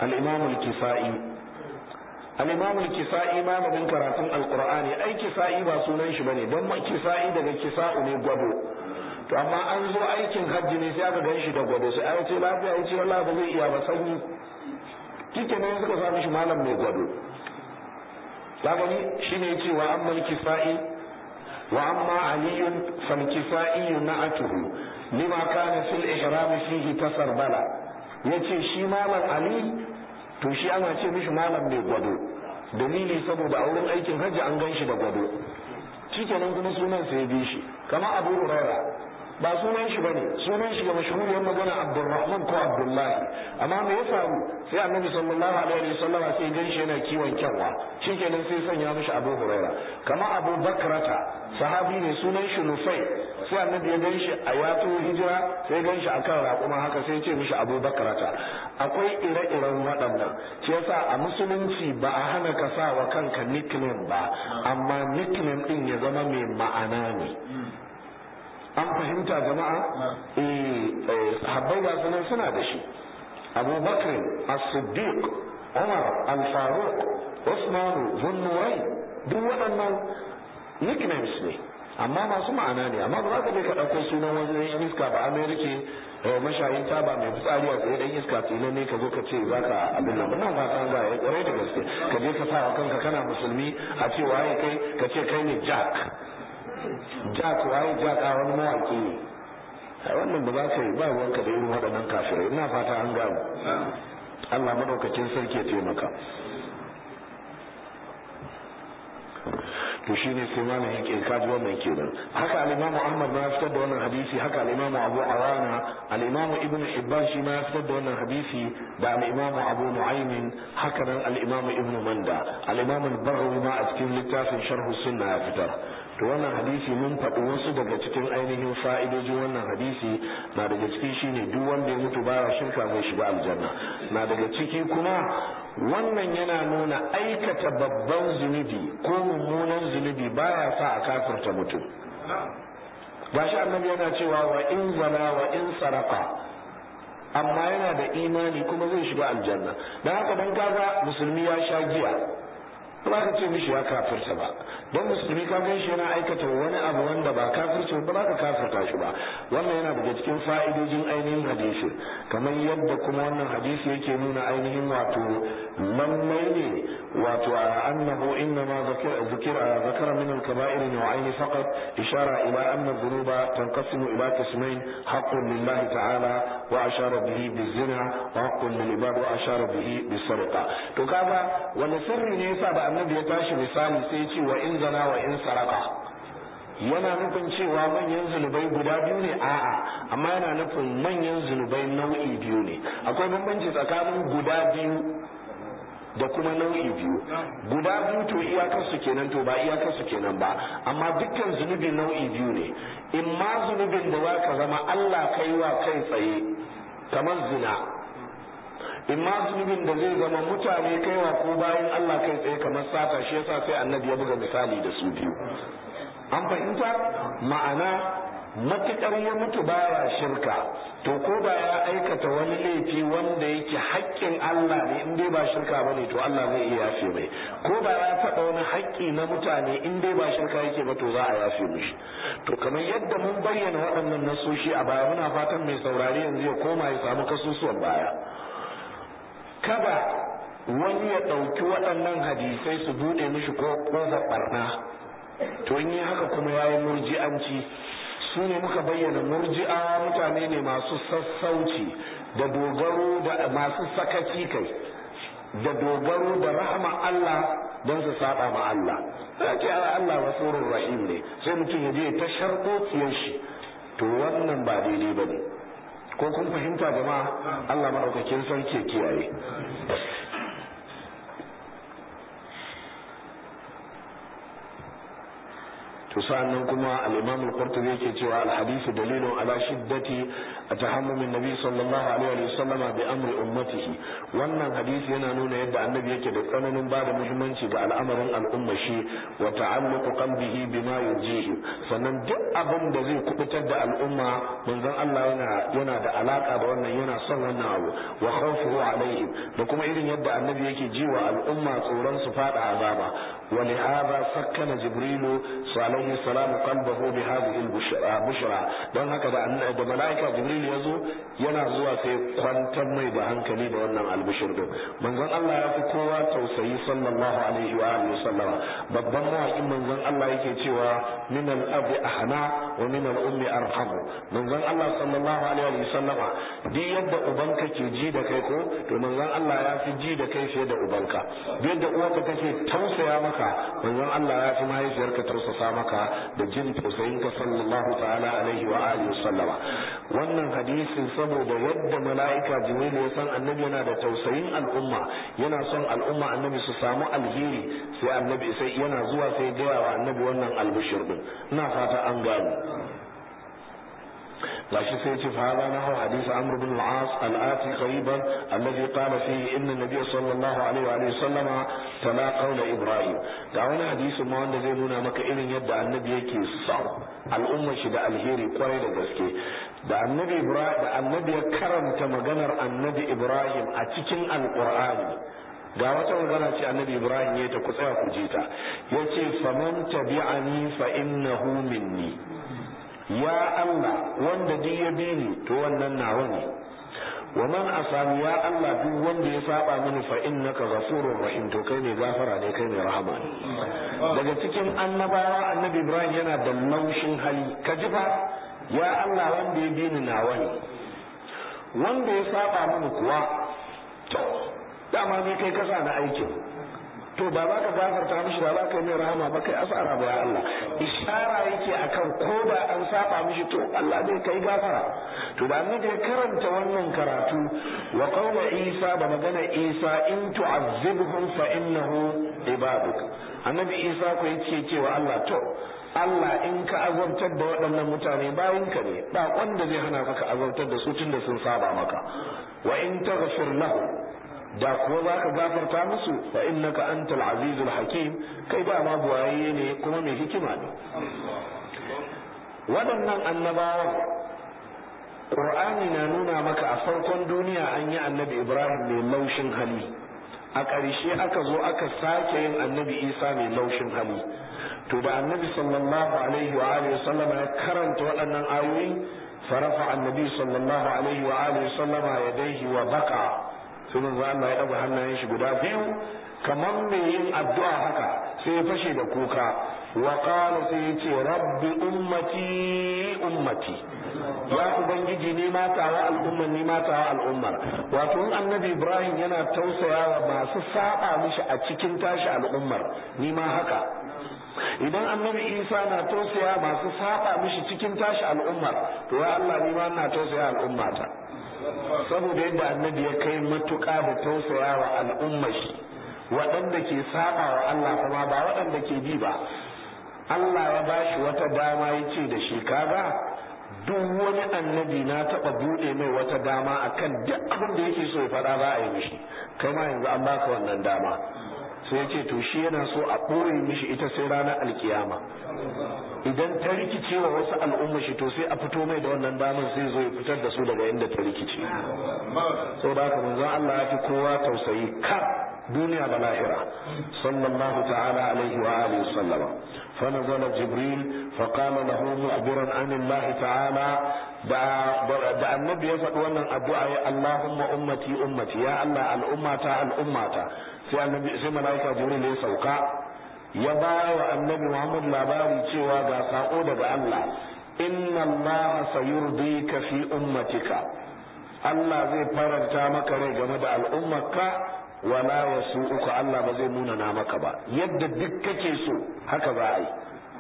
al-imam al-kisa'i al-imam al-kisa'i malamin karatun Alkur'ani, qurani ai kisa'i ba sunan shi bane dan kisa'i daga kisa'u ne gwado to amma an zo aikin hajji ne sai aka ganshi da gwado sai ai ce lafiya ai ce wallahi ba zai iya ba sanyi kike ne suka samu shi malam mai gwado zagwani shi ne ce wa amma kifa'i wa amma aliyun fal kifa'i na'atuhu lima kana fil ihram fihi Ya ce shi malam ali to shi ana ce mishi malam mai gwado dalili saboda a aikin hajji an gan shi da gwado nan kuma sunan sai bi shi kamar abu hurairah ba sunan shi bane sunan shi ga mashhuriyar magana Abdurrahman ko Abdullahi amma me ya faru sai Annabi sallallahu alaihi wasallam sai ya shi yana kiwon kyanwa shikenan sai sanya mishi Abu Huraira kama Abu Bakrata sahabi ne sunan shi Nufai sai Annabi ya gan a yato hijira sai gan shi akan raƙuma haka sai ya ce mishi Abu Bakrata akwai ire-iren waɗannan shi yasa a musulunci ba a hana ka sa wa kanka nickname ba amma nickname din ya zama mai ma'ana ne an fahimta jama'a eh, eh, habbai gasu nan suna da shi abubakar as-siddiq umar al-faruq usman duk waɗannan nicknames ne amma masu ma'ana ne amma ba ka je ka ɗauko sunan wani iska ba amerika eh, mashayin taba mai fitsari a tsaye ɗan iska tsina ne ka zo ka ce za ka abin nan nan ba san zai kwarai da gaske ka je ka sa wa kanka kana musulmi a ce waye kai ka ce kai ne jack jaka waye jaka wani mawaki ne a wannan ba za ka yi ba ruwanka da irin waɗannan kafirai ina fata an gano Allah maɗaukacin sarki ya taimaka to shine sai malam yake kaji wannan nan haka al-Imam Ahmad ma fitar da wannan hadisi haka al-Imam Abu arana al-Imam Ibn Hibban shi ma fitar da wannan hadisi da al-Imam Abu Nu'aym haka nan al-Imam Ibn Manda al-Imam Al-Baghawi ma a cikin littafin Sharh Sunna ya fitar to wannan hadisi mun faɗi wasu daga cikin ainihin fa'idojin wannan hadisi na daga ciki shine duk wanda ya mutu baya shirka mai shiga aljanna na daga ciki kuma wannan yana nuna aikata babban zunubi ko mummunan zunubi baya sa a kafirta mutum gashi annabi yana cewa wa in zana wa in saraka amma yana da imani kuma zai shiga aljanna don haka don kaga musulmi ya sha giya ba ka ce mishi ya kafirta ba don musulmi ka gan shi yana aikata wani abu wanda ba kafirta ba ba ka kafirta shi ba wannan yana daga cikin fa'idojin ainihin hadisi kamar yadda kuma wannan hadisi yake nuna ainihin wato من ne wato a annahu ذكر, ma zikira zakara min al-kaba'ir nau'ain faqat ishara ila anna dhunuba tanqasimu ila qismain haqqun lillahi ta'ala wa ashara bihi bizina wa haqqun lil ibad wa ashara bihi bisarqa to kaga wani sirri ne yasa da annabi ya tashi misali sai yana nufin cewa manyan zunubai guda biyu ne a'a amma yana nufin manyan zunubai nau'i biyu ne akwai bambanci tsakanin guda biyu da kuma nau'i biyu guda biyu to iyakarsu kenan to ba iyakarsu kenan ba amma dukkan zunubi nau'i biyu ne in ma zunubin da za ka zama Allah kai wa kai tsaye kamar zina in ma zunubin da zai zama mutane kaiwa ko bayan Allah kai tsaye kamar sata shi yasa sai annabi ya buga misali da su biyu an fahimta ma'ana matuƙar ya mutu baya shirka to ko ba ya aikata wani laifi wanda yake haƙƙin Allah ne in dai ba shirka ba ne to Allah zai iya yafe mai ko ba ya faɗa wani haƙƙi na mutane in dai ba shirka yake ba to za a yafe mishi to kamar yadda mun bayyana waɗannan nasoshi a baya muna fatan mai saurari yanzu ya koma ya samu kasusuwan baya kada wani ya ɗauki waɗannan hadisai su buɗe mishi ko ƙofar ɓarna to in yi haka kuma ya yi murji'anci su ne muka bayyana murji'a mutane ne masu sassauci da dogaro da masu sakaci kai da dogaro da rahama Allah don su saba ma Allah sai Allah rasulun rahim ne sai mutum ya je ta sharkociyar shi to wannan ba daidai bane ne ko kun fahimta jama'a Allah maɗaukakin sarki kiyaye sa'annan kuma al-imam al-qurtubi yake cewa alhadisi dalilin ala shiddati tahammum an-nabi sallallahu alaihi wa sallama bi amri ummatihi wannan hadisi yana nuna yadda annabi yake da tsananin bada muhimmanci ga al'amarin al'umma shi wa ta'alluq qalbihi bima yujihi sannan duk abin da zai kubutar da al'umma manzon Allah yana yana da alaka da wannan yana son wannan abu wa khawfuhu alaihim da kuma irin yadda annabi yake jiwa al'umma tsoron su fada azaba ولهذا سكن جبريل عليه السلام قلبه بهذه البشرى don haka da da malaika jibril ya zo yana zuwa sai kwantar mai ba hankali da wannan albishir din manzon Allah ya fi kowa tausayi sallallahu alaihi wa sallama babban mawaƙin manzon Allah yake cewa min al-abi ahna wa min al-ummi arhamu manzon Allah sallallahu alaihi wa sallama duk yadda ubanka ke ji da kai ko to manzon Allah ya fi ji da kai fiye da ubanka duk yadda uwarka take tausaya maka manzon Allah ya fi mahaifiyarka tausasa maka da jin tausayinka sallallahu ta'ala alaihi wa alihi wa sallama wannan hadisin saboda yadda mala'ika jibril ya san annabi yana da tausayin al'umma yana son al'umma annabi su samu alheri sai annabi sai yana zuwa sai gaya wa annabi wannan albushir din ina fata an gano gashi sai ce fa hada nahu hadith amr bin al-as al-ati qariban alladhi qala inna nabiy sallallahu alaihi wa alihi sallama tala qawla ibrahim ga wani hadisi ma wanda zai nuna maka irin yadda annabi yake sau al'umma shi da alheri da gaske da annabi ibrahim da annabi ya karanta maganar annabi ibrahim a cikin alqur'ani ga wata magana ce annabi ibrahim ya ta ku tsaya ku je ta yace faman tabi'ani fa innahu minni ya Allah wanda duk ya bi ni to wannan nawa ne wa man asami ya Allah duk wanda ya saba mini fa innaka ghafurur rahim to kai ne gafara ne kai ne rahama ne daga cikin annabawa annabi Ibrahim yana da laushin hali ka ji fa ya Allah wanda ya bi ni nawa ne wanda ya saba mini kuwa to dama ne kai kasa na aikin to ba za ka gafarta mishi ba za ka yi mai rahama ba kai asara ba ya Allah ishara yake akan ko ba an saba mishi to Allah zai kai gafara to ba ni dai karanta wannan karatu wa qawla Isa ba magana Isa in tu'azzibhum fa innahu ibaduk annabi Isa ko yace cewa Allah to Allah in ka azabtar da waɗannan mutane bayanka ne ba wanda zai hana maka azabtar da su da sun saba maka wa in taghfir lahu da kuwa za ka gafarta musu fa innaka antal azizul hakim kai ba ma buwaye ne kuma mai hikima ne waɗannan annabawan ƙur'ani na nuna maka a farkon duniya an yi annabi ibrahim mai laushin hali a ƙarshe aka zo aka sake yin annabi isa mai laushin hali to da annabi sallallahu alaihi wa alihi sallama ya karanta waɗannan ayoyi farafa annabi sallallahu alaihi wa alihi sallama yadaihi wa baka Sunan za Allah ya daga hannayen shi guda biyu kamar mai yin addu'a haka sai ya fashe da kuka wa qala sai ya ce rabbi ummati ummati ya ubangiji ne ma tawa al'umma ne ma tawa al'ummar wato in annabi Ibrahim yana tausayawa masu saba mishi a cikin tashi al'ummar ni ma haka idan annabi isa na tausaya masu saba mishi cikin tashi al'ummar to ya Allah ni ma ina tausaya al'ummata saboda yadda annabi ya kai matuƙa da tausaya wa al'ummar shi waɗanda ke saba wa Allah kuma ba waɗanda ke bi ba Allah ya ba shi wata dama ya ce da shi kaga duk wani annabi na taɓa buɗe mai wata dama akan duk abin da yake so ya faɗa za a yi mishi kai ma yanzu an baka wannan dama sai ce to shi yana so a ɓoye mishi ita sai ranar alkiyama idan ta rikice wa wasu al'umma shi to sai a fito mai da wannan damar sai zo ya fitar da su daga inda ta rikice da haka manzon Allah ya fi kowa tausayi kar duniya da lahira sallallahu ta'ala alaihi wa sallama fa nazala jibril fa qala lahu mukhbiran an allah ta'ala da annabi ya faɗi wannan addu'a ya allahumma ummati ummati ya allah al'ummata al'ummata sai annabi sai malaika jibril ya sauka ya ba wa annabi muhammad labari cewa ga sako daga allah inna allah sayurdika fi ummatika Allah zai faranta maka rai game da al'ummarka wala uku, Allah ba zai nuna na maka ba yadda duk kake so haka za a yi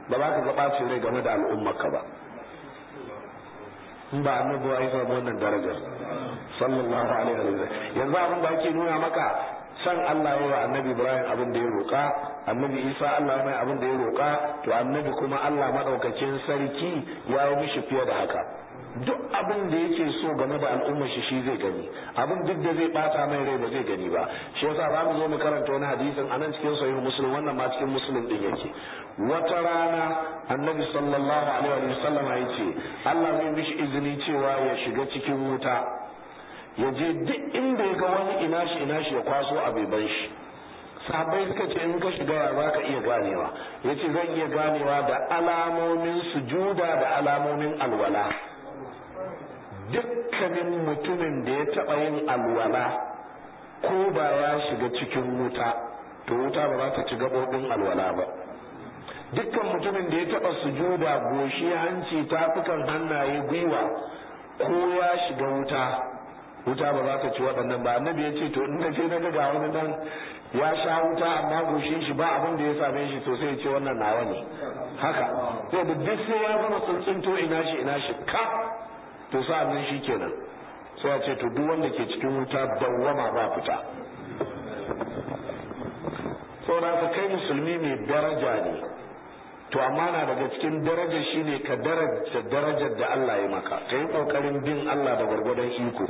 ba za ka gaba bacin rai game da al'ummarka ba in ba annabi ya wannan darajar sallallahu alaihi wa sallam yanzu abin da ake nuna maka san Allah ya wa annabi Ibrahim abin da ya roƙa annabi Isa Allah mai abin da ya roƙa to annabi kuma Allah madaukakin sarki ya yi mishi fiye da haka duk abin da yake so game da al'ummar shi shi zai gani abin duk da zai bata mai rai ba zai gani ba shi yasa za mu zo mu karanta wani hadisin anan cikin sahih muslim wannan ma cikin muslim din yake wata rana annabi sallallahu alaihi wa sallam ya ce Allah zai mishi izini cewa ya shiga cikin wuta ya je duk inda ya ga wani ina shi ina shi ya kwaso a abeban shi sahabbai suka ce in ka shiga ya za ka iya ganewa ya ce zan iya ganewa da alamomin sujuda da alamomin alwala dukkanin mutumin da ya taɓa yin alwala ko ba ya shiga cikin wuta to wuta ba za ta ci gaɓoɓin alwala ba dukkan mutumin da ya taɓa sujuda goshi hanci tafukan hannaye gwiwa ko ya shiga wuta wuta ba za ta ci waɗannan ba annabi ya ce to in je na ga wani dan ya sha wuta amma goshin shi ba abin da ya same shi to sai ya ce wannan nawa ne haka sai da duk sai ya zama tsuntsunto ina shi ina shi ka to sa'annan shi sai a ce to duk wanda ke cikin wuta dawwama ba fita saboda kai musulmi mai daraja ne to amma na daga cikin daraja shine ka daraja darajar da Allah ya maka ka yi kokarin bin Allah da gwargwadon iko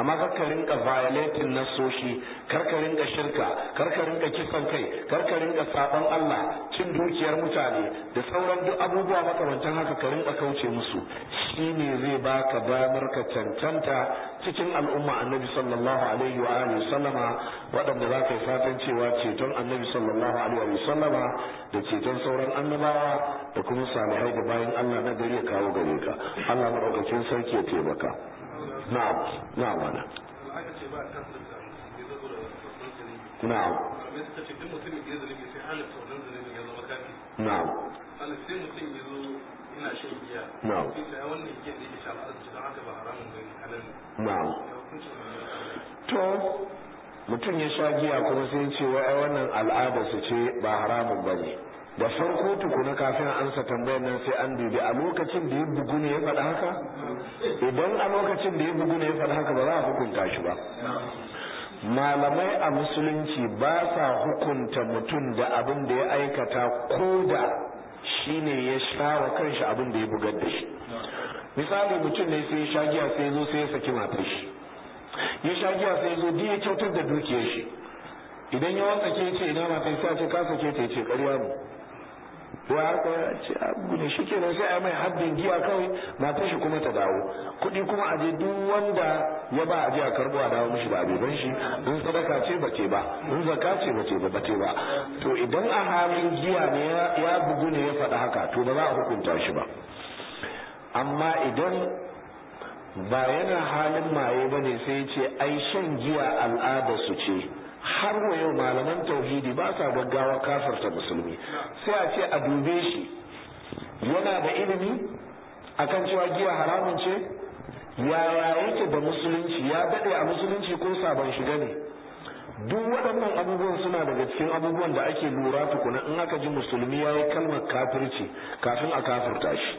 amma kar ka rinka violating nasoshi kar ka rinka shirka kar ka rinka kisan kai kar ka rinka saban Allah cin dukiyar mutane da sauran duk abubuwa makamantan haka ka rinka kauce musu shine zai baka damar ka cancanta cikin al'umma annabi sallallahu alaihi wa alihi sallama waɗanda za yi fatan cewa ceton annabi sallallahu alaihi wa sallama da ceton sauran annabawa da kuma salihai da bayan Allah na gari ya kawo gare ka Allah madaukakin sarki ya taimaka na'am na'am na'am na'am mutum ya na'am sha na'am to mutum ya sha giya kuma sai ce wa wannan al'ada su ce ba haramun ba ne da farko tukuna kafin ansa tambayar nan sai an dubi a lokacin da ya bugu ne ya faɗa haka idan a lokacin da ya bugu ne ya faɗa haka ba za a hukunta shi ba malamai a musulunci ba sa hukunta mutum da abin da ya aikata ko da shi ne ya sha wa kanshi abin da ya bugar da shi misali mutum ne sai ya sha giya sai ya zo sai ya saki matar shi ya sha giya sai ya zo duk ya kyautar da dukiyar shi idan ya wanka ke ce ina matar sai ce ka sake ta ce ƙarya ne wa haka ya ce abu ah, ne shi kenan sai a mai haddin giya kawai matar shi kuma ta dawo kuɗi kuma a je duk wanda ya ba a je a karɓo a dawo mishi ba a beban shi in sadaka ce ba ce ba in zaka ce ba ce ba ce ba to idan a halin giya ne ya bugu ne ya faɗi haka to ba za a hukunta shi ba amma idan ba yana halin maye ba ne sai ce ai shan giya su ce har wa yau malaman tauhidi ba sa gaggawa kafarta musulmi sai a ce a dube shi yana da ilimi akan cewa giya haramun ce yaya yake da musulunci ya daɗe a musulunci ko sabon shiga ne duk waɗannan abubuwan suna daga cikin abubuwan da ake lura tukuna in aka ji musulmi ya yi kalmar kafirci kafin a kafirta shi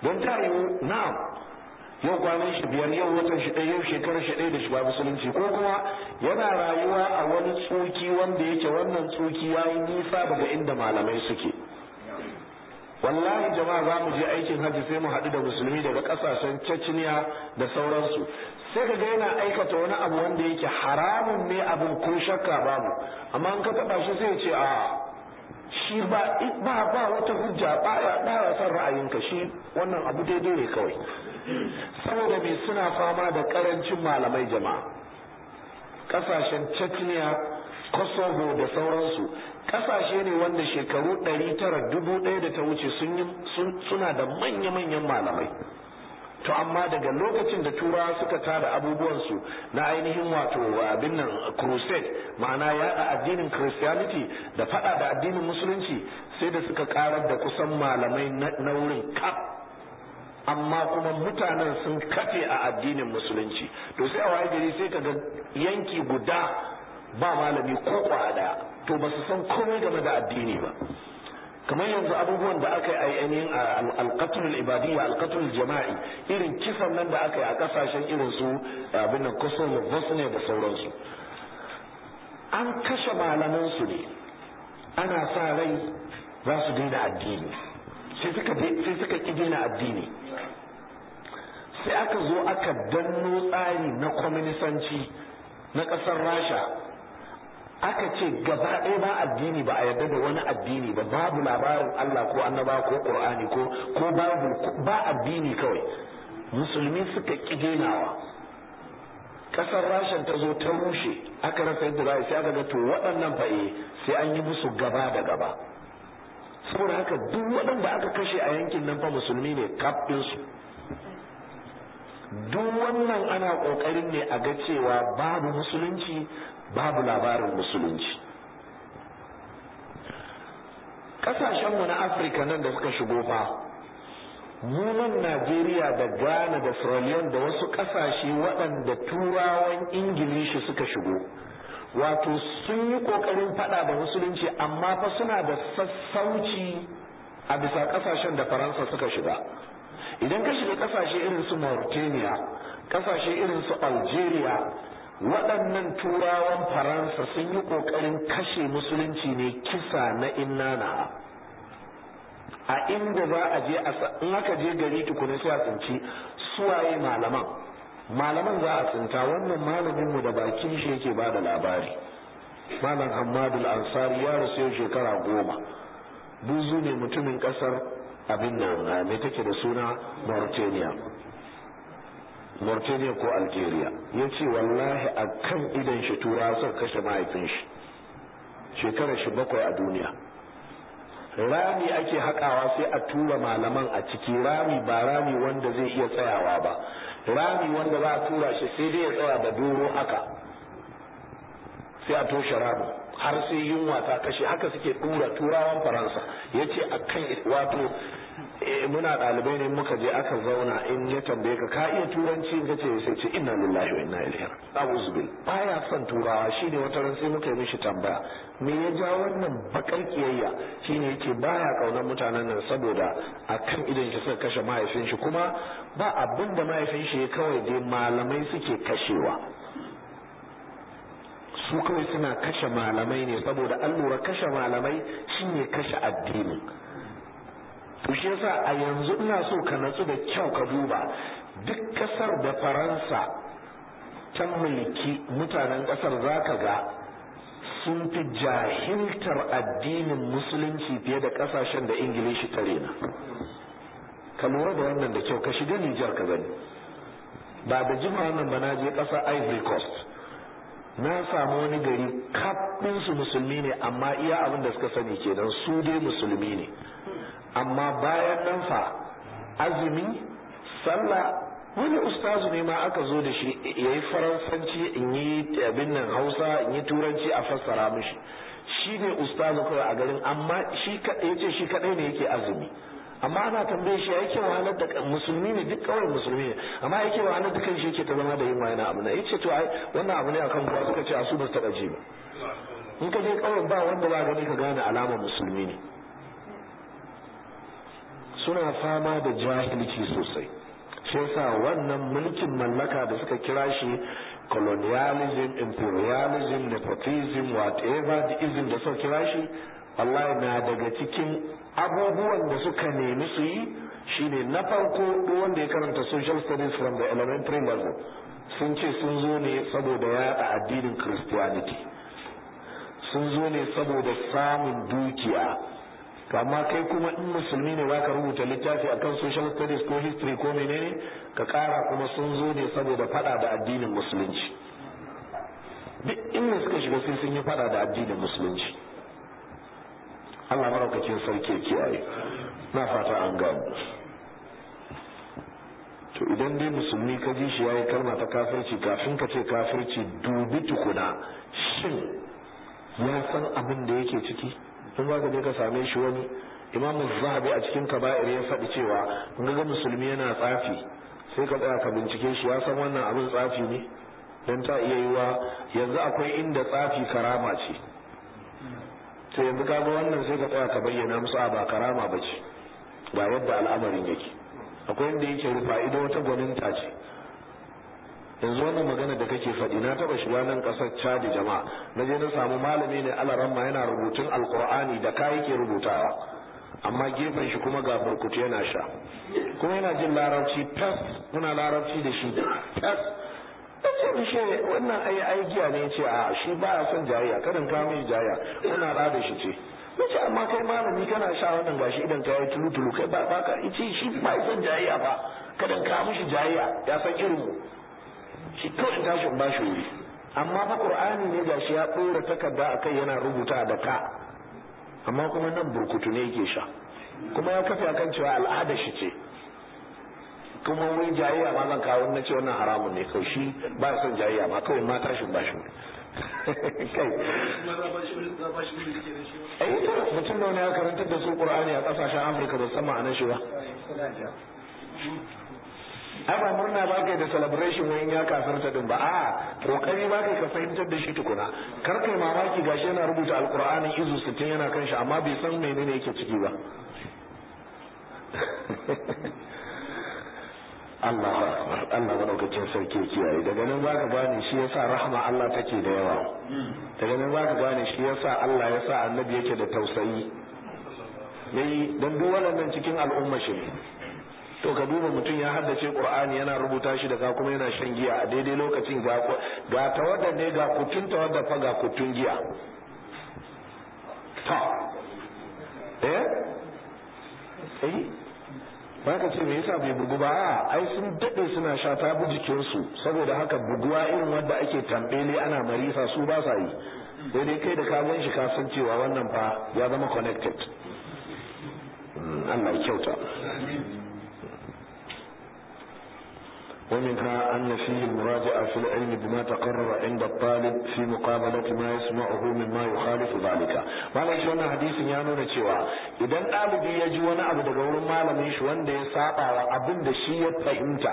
don ta na'am yau kwanan shi biyar yau watan shi ɗaya yau shekarar shi ɗaya da shi ba musulunci ko kuma yana rayuwa a wani tsoki wanda yake wannan tsoki ya yi nisa daga inda malamai suke wallahi jama'a za mu je aikin hajji sai mu haɗu da musulmi daga ƙasashen ceceniya da sauransu sai ka ga yana aikata wani abu wanda yake haramun ne abin ko shakka babu amma in ka taɓa shi sai ce a shi ba ba wata hujja ba ya son ra'ayinka shi wannan abu daidai ne kawai saboda me suna fama da karancin malamai jama'a kasashen chechnya kosovo da sauransu kasashe ne wanda shekaru ɗari tara dubu ɗaya da ta wuce suna da manya-manyan malamai to amma daga lokacin da turawa suka tada abubuwansu na ainihin wato abin nan crusade ma'ana yaɗa addinin christianity da faɗa da addinin musulunci sai da suka karar da kusan malamai na wurin kaf amma kuma mutanen sun kafe a addinin musulunci to sai a waye gari sai ka ga yanki guda ba malami ko kwada to ba su san komai game da addini ba kamar yanzu abubuwan da aka yi a yanayin alkatul ibadiyya alkatul jama'i irin kisan nan da aka yi a kasashen irin su abin nan kosovo ne da sauransu an kashe malamansu ne ana sa rai za su daina addini sai suka ƙi daina addini sai aka zo aka danno tsari na kwaminisanci na ƙasar rasha aka ce gaba ɗaya ba addini ba a yarda da wani addini ba babu labarin Allah ko annaba ko ƙur'ani, ko ko babu ba addini kawai musulmi suka kidenawa Ƙasar rashin ta zo ta rushe aka rasa yadda za sai aka ga to waɗannan fa'e eh, sai an yi musu gaba da gaba saboda haka duk waɗanda aka kashe a yankin nan fa musulmi ne kaf su duk wannan ana ƙoƙarin ne a ga cewa babu musulunci babu labarin musulunci ƙasashenmu na afirka nan da suka shigo fa nan najeriya da ghana da sierra da wasu ƙasashe waɗanda turawan ingilishi suka shigo wato sun yi ƙoƙarin faɗa da musulunci amma fa suna da sassauci a bisa ƙasashen da faransa suka shiga idan ka shiga kasashe irin su mauritania kasashe irin su algeria waɗannan turawan faransa sun yi ƙoƙarin kashe musulunci ne kisa na inana. a inda za a je in aka je gari tukuna su a tsinci suwaye malaman malaman za a tsinta wannan malaminmu da bakin shi yake ba da labari malam hamadul ansari ya rasu yau shekara goma buzu ne mutumin ƙasar abin nan eh, mai take da suna mauritania mauritania ko algeria ya ce wallahi a kan idan shi tura son kashe mahaifin shi shekarar shi bakwai a duniya rami ake haƙawa sai a tura malaman a ciki rami ba rami wanda zai iya tsayawa ba rami wanda za a tura shi sai dai ya tsaya da doro haka sai a toshe rami har sai yunwa ta kashe haka suke dura turawan faransa ya ce a kan wato eh, muna ɗalibai ne muka je aka zauna in ya tambaye ka ka iya turanci ka ce sai ce inna lillahi wa inna ilaihi a'udhu bil baya son turawa shine wata ran muka yi mishi tambaya me ya ja wannan bakar kiyayya shine yake baya kaunar mutanen nan saboda akan idan shi suka kashe mahaifin shi kuma ba abin da mahaifin shi kawai dai malamai suke kashewa su kawai suna kashe malamai ne saboda an lura kashe malamai shi ne kashe addinin to sa a yanzu ina so ka natsu da kyau ka duba duk kasar da faransa ta mulki mutanen kasar za ka ga sun fi jahiltar addinin musulunci fiye da kasashen da ingilishi ta rena ka lura da wannan da kyau ka shiga nijar ka gani ba da jima wannan ba na je ƙasar ivory coast na samu wani gari kafin su musulmi ne amma iya abin da suka sani kenan su dai musulmi ne amma bayan nan fa azumi sallah wani ustazu ne ma aka zo da shi ya yi faransanci in yi abin nan hausa in yi turanci a fassara mishi shi ne ustazu kawai a garin amma shi ya ce shi kaɗai ne yake azumi amma ana tambaye shi yake wahalar da musulmi ne duk kawai musulmi ne amma yake wahalar da kan shi yake ta zama da yunwa yana abu na yace to ai wannan abu ne akan kuwa suka ce a su ba ta ji ba in ka je kawai ba wanda ba gani ka gane alamar musulmi ne suna fama da jahilci sosai shi yasa wannan mulkin mallaka da suka kira shi colonialism imperialism nepotism whatever the ism da suka kira shi wallahi na daga cikin abubuwan da suka nemi su yi shine na farko duk wanda ya karanta social studies from the elementary level sun ce sun zo ne saboda ya a addinin christianity sun zo ne saboda samun dukiya kama amma kai kuma in musulmi ne ka rubuta littafi akan social studies ko history ko menene ka kara kuma sun zo ne saboda fada da addinin musulunci duk inda suka shiga sai sun yi fada da addinin musulunci Allah maraukacin sarki kiyaye na fata an gamu to idan dai musulmi ka ji shi yayi kalma ta kafirci kafin ka ce kafirci dubi tukuna shin ya san abin da yake ciki in ba ka je ka same shi wani imam zahabi a cikin kaba'ir ya faɗi cewa in ga musulmi yana tsafi sai ka tsaya ka bincike shi ya san wannan abin tsafi ne dan ta iya yiwa yanzu akwai inda tsafi karama ce sai yanzu kaga wannan sai ka tsaya ka bayyana musu a ba karama ba ce ba yadda al'amarin yake akwai inda yake rufa ido wata gwanin tace yanzu wannan magana da kake faɗi na taɓa shiga nan ƙasar cadi jama'a na je na samu malami ne alaramma yana rubutun alƙur'ani da ka yake rubutawa amma gefen shi kuma ga burkutu yana sha kuma yana jin larabci fes muna larabci da shi fes ce mishi wannan ai aikiya ne ce a shi baya son jariya karin ka mai jariya wannan rada shi ce ce amma kai malami kana sha wannan gashi idan ka yi tulu tulu kai ba ka ce shi ba son jariya ba kadan ka mishi jariya ya san irin mu shi kawai tashi ba shi wuri amma fa qur'ani ne gashi ya dora takarda akai yana rubuta da ka amma kuma nan burkutu ne yake sha kuma ya kafa akan cewa al'ada shi ce kuma wani jayayya ma zan kawo na ce wannan haramun ne kawai shi ba ya son jayayya ma kawai shi tashin bashin kai ai eh, mutum da wani ya karantar da su qur'ani a kasashen afirka ba san ma'anar shi ba Aba murna ba kai da celebration wani ya kafirta ta ba a kokari ba kai ka fahimtar da shi tukuna kar kai mamaki gashi yana rubuta alqur'ani izu sittin yana kan shi amma bai san menene yake ciki ba Allah Allah madaukakin sarki ya kiyaye daga nan zaka gane shi yasa rahama Allah take da yawa daga nan zaka gane shi yasa Allah ya sa annabi yake da tausayi yayi dan duk wannan cikin al'umma shi to ka duba mutum ya haddace qur'ani yana rubuta shi daga kuma yana shan giya a daidai lokacin ga ga tawadda ne ga kutun wadda fa ga kutun giya ta eh eh ba ka ce me yasa bai bugu ba a ai sun daɗe suna sha ta su. su saboda haka buguwa irin wanda ake ne ana marisa su ba sa yi sai dai kai da ka gan shi ka san cewa wannan fa ya zama connected hmm, Allah ya kyauta ومنها أن فيه المراجعة في العلم بما تقرر عند الطالب في مقابلة ما يسمعه مما يخالف ذلك ما shi wannan hadisin ya nuna cewa idan ɗalibi ya ji wani abu daga wurin malamin shi wanda ya saba wa da shi ya fahimta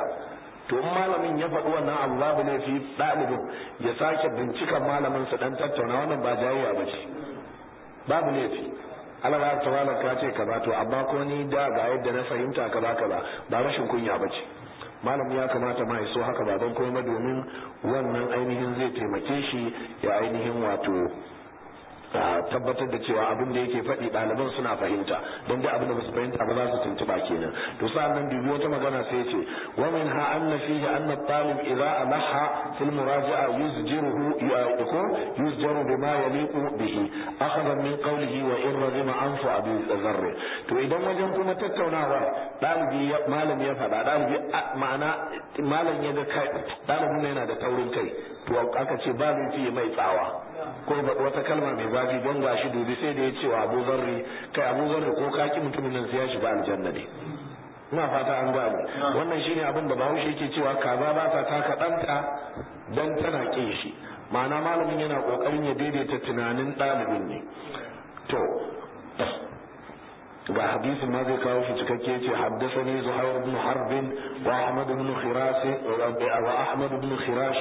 to malamin ya faɗi wannan abu babu laifi ɗalibin ya sake bincika malamin su dan tattauna wannan ba jayayya ba ce babu laifi ta wala ka ce kaza to amma ko ni da ga yadda na fahimta kaza kaza ba rashin kunya ba ce malam ya kamata ma so haka ba don ba domin wannan ainihin zai taimake shi ya ainihin wato a tabbatar da cewa abin da yake faɗi ɗaliban suna fahimta don da abin da ba su fahimta ba za su tuntuɓa kenan to nan dubi wata magana sai ce wa min ha anna fihi anna talib idza alaha fil muraja'a yuzjiruhu yu'iku yuzjaru bima yaliqu bihi akhadha min qawlihi wa in radima anfu abi zarr to idan wajen kuma tattaunawa ɗalibi malami ya faɗa ɗalibi ma'ana malam ya ga kai ɗalibin yana da taurin kai to aka ce ba zai mai tsawa ko wata kalma mai zafi don shi dubi sai da ya ce wa Abu Zarri kai Abu Zarri ko ka mutumin nan sai ya shiga aljanna ne ina fata an gani wannan shine abin da Bahaushe yake cewa kaza ba ta taka danta dan tana kin shi ma'ana malamin yana kokarin ya daidaita tunanin ɗalibin ne to وحديث ما ذي في تككيتي حدثني زهير بن حرب وأحمد بن خراش وأحمد بن خراش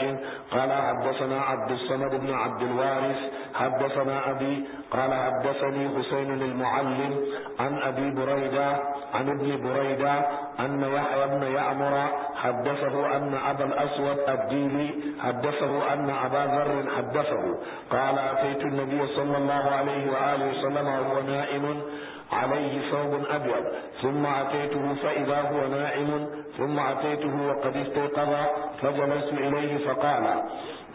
قال حدثنا عبد الصمد بن عبد الوارث حدثنا أبي قال حدثني حسين المعلم عن أبي بريدة عن ابن بريدة أن يحيى بن يعمر حدثه أن أبا الأسود الديلي حدثه أن أبا ذر حدثه قال أتيت النبي صلى الله عليه وآله وسلم وهو نائم عليه ثوب أبيض ثم أتيته فإذا هو نائم ثم أتيته وقد استيقظ فجلست إليه فقال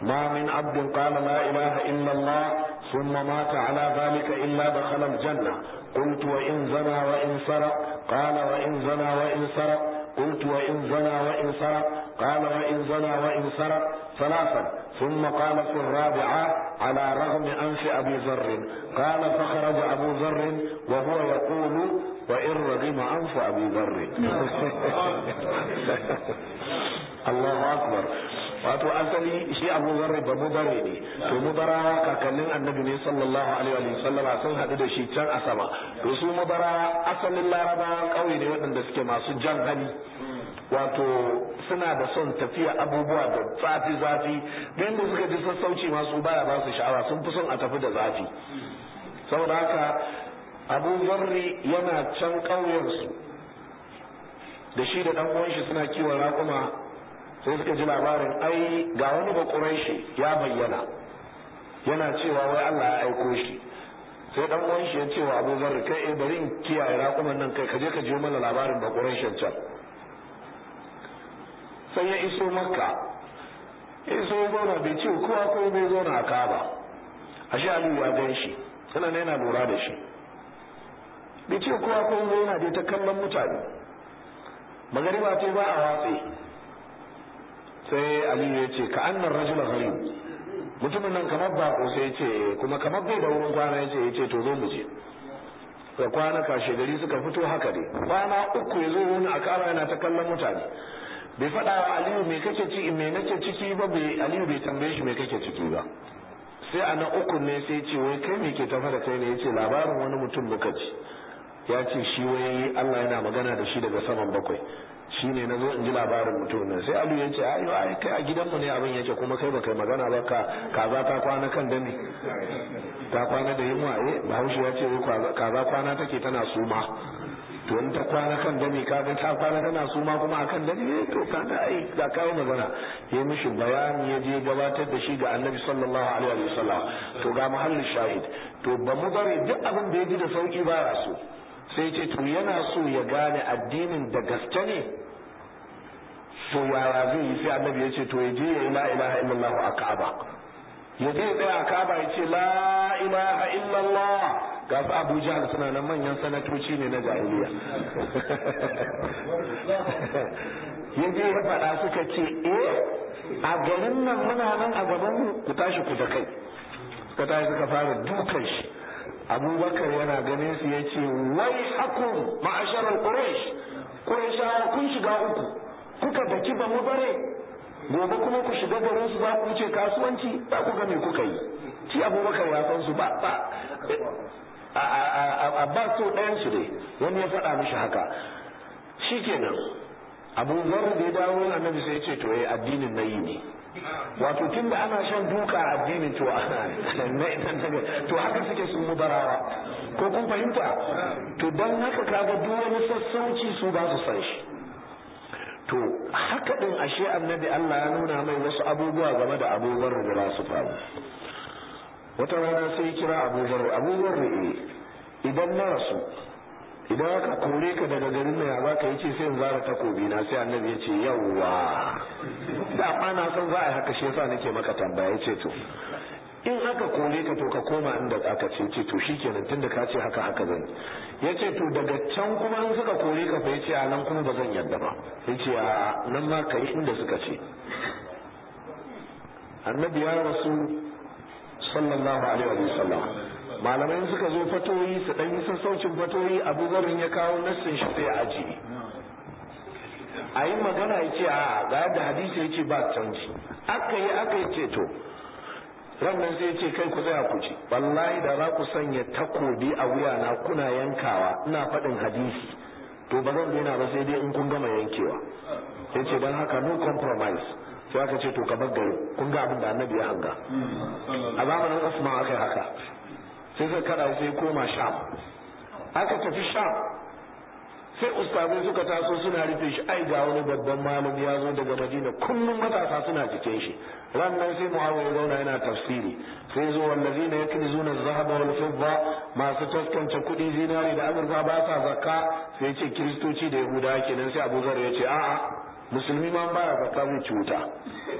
ما من عبد قال لا إله إلا الله ثم مات على ذلك إلا دخل الجنة قلت وإن زنى وإن سرق قال وإن زنى وإن سرق قلت وإن زنى وإن سرق قال وإن زنى وإن سرق ثلاثا ثم قال في الرابعة على رغم أنف أبي ذر قال فخرج أبو ذر وهو يقول وإن رغم أنف أبي ذر الله أكبر wato asali shi abu zarri ba mubare ne to bara kakannin annabi ne sallallahu alaihi wa sallama sun hadu da shi can a sama to su bara asalin laraba kauye ne waɗanda suke masu jan hali wato suna da son tafiya abubuwa da zafi zafi don da suka ji sassauci masu baya ba su sha'awa sun fi son a tafi da zafi saboda haka abu zarri yana can ƙauyensu da shi da ɗan uwanshi suna kiwon raƙuma sai suka ji labarin ai ga wani bakurai shi ya bayyana yana cewa wai Allah ya aiko shi sai ɗan uwan shi ya ce wa Abu Zarri kai eh, bari in kiyaye raƙuman nan kai ka je ka jiyo mana labarin bakurai can sai ya iso makka iso zauna bai ce kowa kai bai zauna a kaba a shi aliyu ya gan shi yana na yana lura da shi bai ce kowa kai bai yana dai ta kallon mutane Magari ba ce ba a watsi sai aliyu ya ce ka annan rajula gari mutumin nan kamar ko sai ce kuma kamar bai da wurin kwana ya ce ya ce to zo mu je da kwana kashe gari suka fito haka dai kwana uku ya zo wani a kara yana ta kallon mutane bai faɗa wa aliyu me kake ciki me nake ciki ba bai aliyu bai tambaye shi mai kake ciki ba sai a na uku ne sai ce wai kai me ke tafa da kai ne yace labarin wani mutum muka ci ya ce shi wai Allah yana magana da shi daga saman bakwai shi ne na zo in ji labarin mutum nan sai aliyu ya ce ayo ai kai a gidanmu ne abin yake kuma kai baka magana ba ka kaza ta kwana kan dani ta kwana da yunwa eh bahaushe ya ce kaza kwana take tana suma to ta kwana kan ka kaga ta kwana tana su ma kuma akan dani ne eh, to kaga ai ga kawo magana ya mishi bayani ya je gabatar da shi ga annabi sallallahu alaihi wa sallam to ga muhallin shahid to ba mu bari duk abin da ya ji da sauki ba ya so sai ce to yana so ya gane addinin da gaske ne to yaya zai yi sai annabi ya ce to ya je ya yi la ilaha illallah a ka'aba ya je ya tsaya a ka'aba ya ce la ilaha illallah ga abuja abu suna nan manyan sanatoci ne na jahiliya ya je ya faɗa suka ce eh a garin nan muna nan a gaban ku tashi ku da kai suka tashi suka fara dukan shi abubakar yana ganin su ya ce wai hakun ma'asharar quraish qurayshawa kun shiga uku kuka daki ba mu bare gobe kuma ku shiga garin su za ku wuce kasuwanci za ku ga me kuka yi shi abubakar ya san su ba ba abbas to ɗayan su ne wani ya faɗa mishi haka shikenan abubuwar da ya dawo annabi sai ya ce to ya eh, addinin yi ne wato tun da ana shan duka addinin to to haka suke sun mubarawa ko kun fahimta to don haka kaga duk wani sassauci su ba su san shi to haka din ashe annabi Allah ya nuna mai wasu abubuwa game da abubuwan da za su faru wata rana sai kira abu zarri abu zarri eh, idan na rasu idan aka kore ka daga garin ya ba ka ce sai in zara takobi na sai annabi ce yawwa da ma na san za a haka shi yasa nake maka tambaya ce to in aka kore ka to ka koma inda aka ce ce to shikenan tunda ka ce haka haka zan ya ce to daga can kuma in suka kore ka fa ce a nan kuma ba zan yadda ba ya ce a nan ma yi inda suka ce annabi ya rasu sallallahu alaihi wa sallam malamai suka zo fatoyi su dan yi sassaucin fatoyi abu zarin ya kawo nassin shi sai aji a yi magana ya ce a ga yadda hadisi ya ce ba canji aka yi aka yi ceto. to rannan sai ce kai ku tsaya ku ci wallahi da za ku sanya takobi a wuya na kuna yankawa ina faɗin hadisi to ba zan daina ba sai dai in kun gama yankewa yace don haka no compromise sai aka ce to kamar gari kun ga abin da annabi ya hanga a zamanin usman aka yi haka sai sai kada sai koma sham aka tafi sham sai ustazai suka taso suna rufe shi ai ga wani babban malami ya zo daga madina kullum matasa suna jikin shi rannan sai ya zauna yana tafsiri sai zo wallazi ya yake zuna zahaba wal fidda masu taskance kudi zinari da azurfa ba sa zakka sai ce kiristoci da yahuda kenan sai abu ya ce a'a musulmi ma ba fata zai ci wuta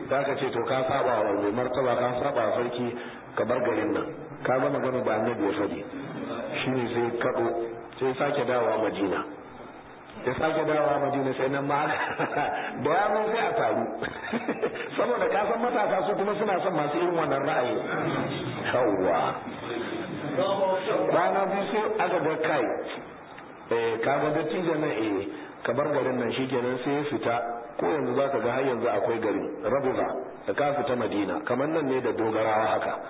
za ka ce to ka saba wa mai martaba ka saba sarki ka bar garin nan ka ga magana ba annabi ya faɗi ne sai kaɗo sai sake dawowa madina ya sake dawowa madina sai nan ma da ya mun sai a faru saboda ka san matasa su kuma suna son masu irin wannan ra'ayi yawwa na bi sai aka ga kai eh ka ga dattijo na eh ka bar garin nan shi kenan sai ya fita ko yanzu za ka ga har yanzu akwai gari rabuza da ka fita madina kamar nan ne da dogarawa haka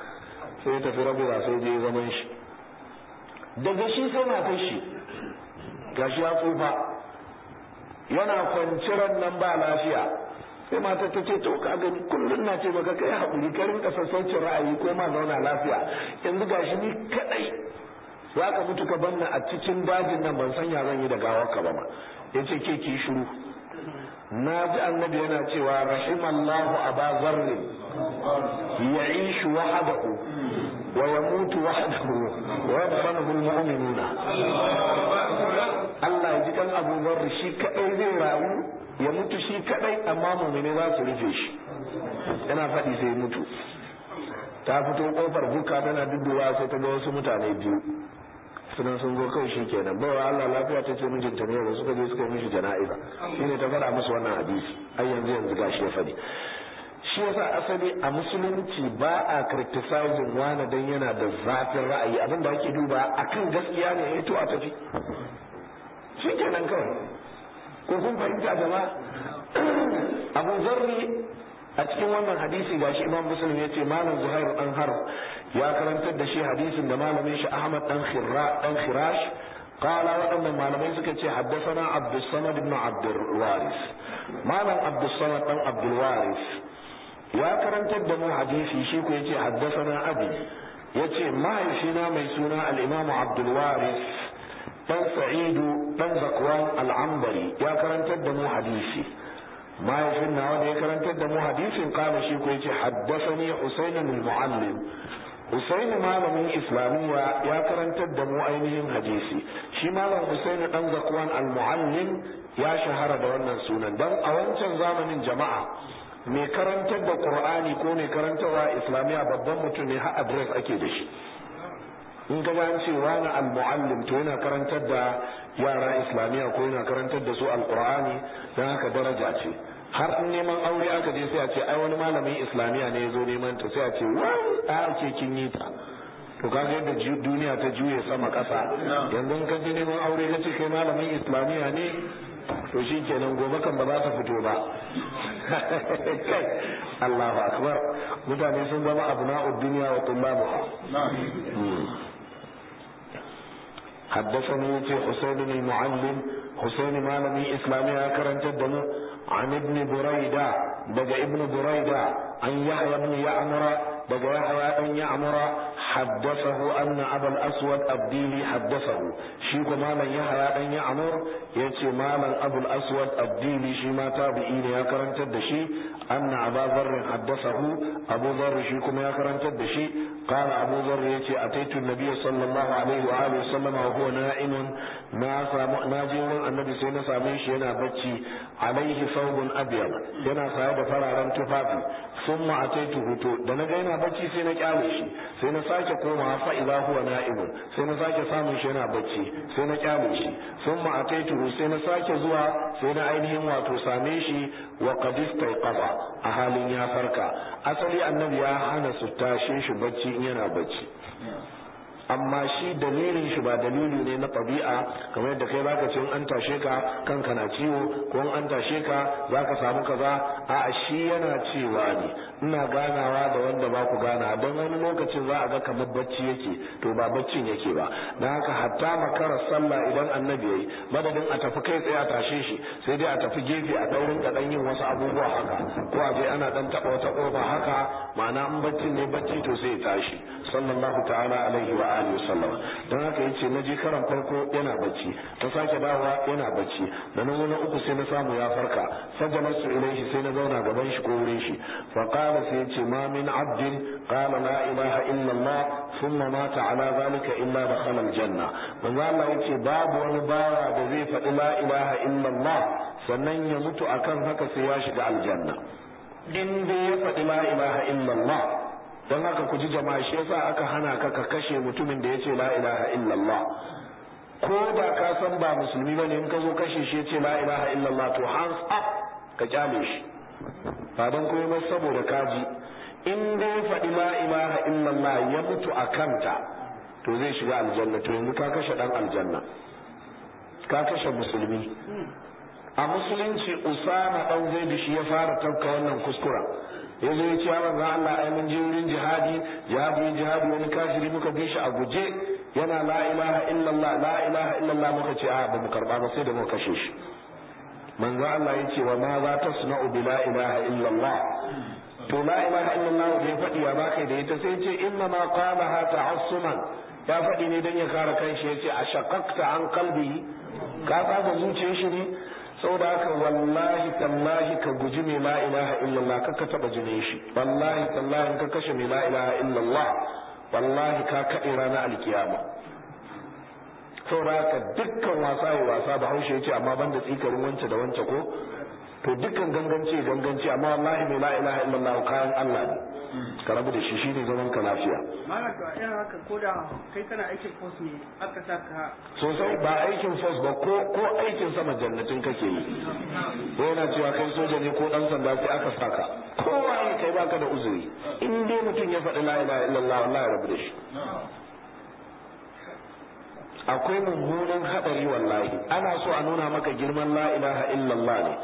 sai ya tafi rabuza sai je zaman shi daga shi sai kai shi gashi ya tsufa yana kwanciran nan ba lafiya sai matar ta ce to ka gani kullum na ce baka kai haƙuri ka rinka ra'ayi ko ma zauna lafiya yanzu gashi ni kadai za ka mutu ka banna a cikin dajin nan ban sanya zan yi da gawar ka ba ma yace ke ki shiru na ji annabi yana cewa rahimallahu aba zarri ya'ishu wahdahu wa yamutu wahdahu wa yabqahu almu'minuna Allah ya ji kan Abu Zarri shi kadai zai rayu ya mutu shi kadai amma mu'mini za su rufe shi yana faɗi sai mutu ta fito kofar buka tana dudduwa sai ta ga wasu mutane biyu suna sun zo kai shi kenan bawa Allah lafiya ta ce mijinta ne yanzu suka je suka yi mishi jana'iza shine ta faɗa musu wannan hadisi ai yanzu yanzu gashi ya faɗi shi yasa asali a musulunci ba a criticizing wani dan yana da zafin ra'ayi abin da ake duba akan gaskiya ne ya eh, to a tafi shi kenan kawai ko kun fahimta jama'a abu zarri a cikin wannan hadisi gashi imam muslim ya ce malam zuhairu ɗan har ya karantar da shi hadisin da malamin shi ahmad dan khirra dan waɗannan malamai suka ce haddasana abdussamad ibn abdulwaris malam abdussamad ɗan abdulwaris ya karantar da mu hadisi shi ko yace haddasana abi yace mahaifina mai suna al-imam abdulwaris dan sa'idu dan zakwan al-ambari ya karantar da mu hadisi mahaifin nawa da ya karantar da mu hadisin kama shi ko yace haddathani husayn al-muallim Husain malamin islamiyya ya karantar da mu ainihin hadisi shi malam Husain ɗan zakwan al-muallim ya shahara da wannan sunan dan a wancan zamanin jama'a mai karantar da Ƙur'ani ko mai karantarwa islamiyya babban mutum ne har address ake da shi in ga an ce na al-muallim to yana karantar da yara islamiyya ko yana karantar da su al alqur'ani dan haka daraja ce har in neman aure aka je sai a ce ai wani malamin islamiyya ne ya neman ta sai a ce wai a ce kin yi ta to kaga yadda duniya ta juye sama kasa yanzu ka je neman aure ka ce kai malamin islamiyya ne to shi kenan gobe kan ba za ta fito ba kai Allahu akbar mutane sun zama abna'ud dunya wa tullabuha hmm. حدثني في حسين المعلم حسين مالمي إسلامي أكرن جدم عن ابن بريدة دقى ابن بريدة عن يحيى بن يعمر بقى أن يعمر حدثه أن أبا الأسود الديلي حدثه شيك مالا يحيى أن يعمر يتي مالا أبو الأسود الديلي شما تابعين يا كرن تدشي أن أبا ذر حدثه أبو ذر شيكم يا كرن تدشي قال أبو ذر يتي أتيت النبي صلى الله عليه وآله وسلم وهو نائم ما ناجي النبي سينا ساميش ينا بتي عليه ثوب أبيض ينا سعيد فرارا تفافي ثم أتيته تو دنا bacci sai na kyale shi sai na sake komawa fa idza huwa na'imun sai na sake samun shi yana bacci sai na kyale shi sun ma ataitu sai na sake zuwa sai na ainihin wato same shi wa qad istayqaza a halin ya farka asali annabi ya hana su tashin shi bacci in yana bacci amma shi dalilin shi ba dalili ne na ɗabi'a kamar yadda kai baka ce an tashe ka kanka na ciwo ko an tashe ka zaka samu kaza a shi yana cewa ne ina ganawa da wanda ba ku gana don wani lokacin za a ga kamar bacci yake to ba baccin yake ba Na haka hatta makarar sallah idan annabi yayi madadin a tafi kai tsaye a tashe shi sai dai a tafi gefe a daurin da dan yin wasu abubuwa haka ko a je ana dan taba wata kofa haka ma'ana in baccin ne bacci to sai ya tashi sallallahu ta'ala alaihi wa alihi wasallam don haka yace na je karan farko yana bacci ta sake dawowa yana bacci da na na uku sai na samu ya farka sajjala su ilaihi sai na zauna gaban shi ko wurin shi fa qala sai yace ma min abdin qala la ilaha illa allah thumma mata ala zalika illa dakhala al janna manzo Allah yace babu wani bawa da zai faɗi la ilaha illa allah sannan ya mutu akan haka sai ya shiga aljanna din dai ya faɗi la ilaha illa allah don haka ku ji jama'a shi yasa aka hana ka ka kashe mutumin da yace la ilaha illallah ko da ka san ba musulmi bane in ka zo kashe shi yace la ilaha illallah to hands up ka kyale shi ba don komai ba saboda kaji in dai faɗi la ilaha illallah ya mutu a kanta to zai shiga aljanna to yanzu ka kashe dan aljanna ka kashe musulmi a musulunci usama dan zaidu shi ya fara tauka wannan kuskura ya zo ya ce ya manzan Allah ai mun je wurin jihadi ya jihadi wani kafiri muka bi shi a guje yana la ilaha illallah la ilaha illallah muka ce a ba mu karba ba sai da muka kashe shi manzan Allah ya ce wa ma za ta suna bi la ilaha illallah to la ilaha illallah da ya faɗi ya kai da ita sai ya ce inna ma qalaha ta'assuman ya faɗi ne dan ya kare kanshi ya ce a shakakta an kalbi ka ka zuciyar shi ne saboda haka wallahi tallahi ka guji mai la ilaha illallah ka ka taba jine shi wallahi tallahi ka kashe mai la ilaha illallah wallahi ka kaɗe ranar alkiyama saboda haka dukkan wasa yi wasa ba haushe ce amma ban da tsikarin wance da wance ko to dukkan ganganci ganganci amma wallahi mai la ilaha illallah kayan Allah ne ka rabu da shi shine zaman ka lafiya malaka irin haka ko da kai kana aikin force ne aka saka sosai ba aikin force ba ko ko aikin sama jannatin kake yi yana cewa kai soja ne ko dan sanda sai aka saka kowa ne kai baka da uzuri in dai mutum ya faɗi la ilaha illallah wallahi rabu da shi akwai mummunan haɗari wallahi ana so a nuna maka girman la ilaha illallah ne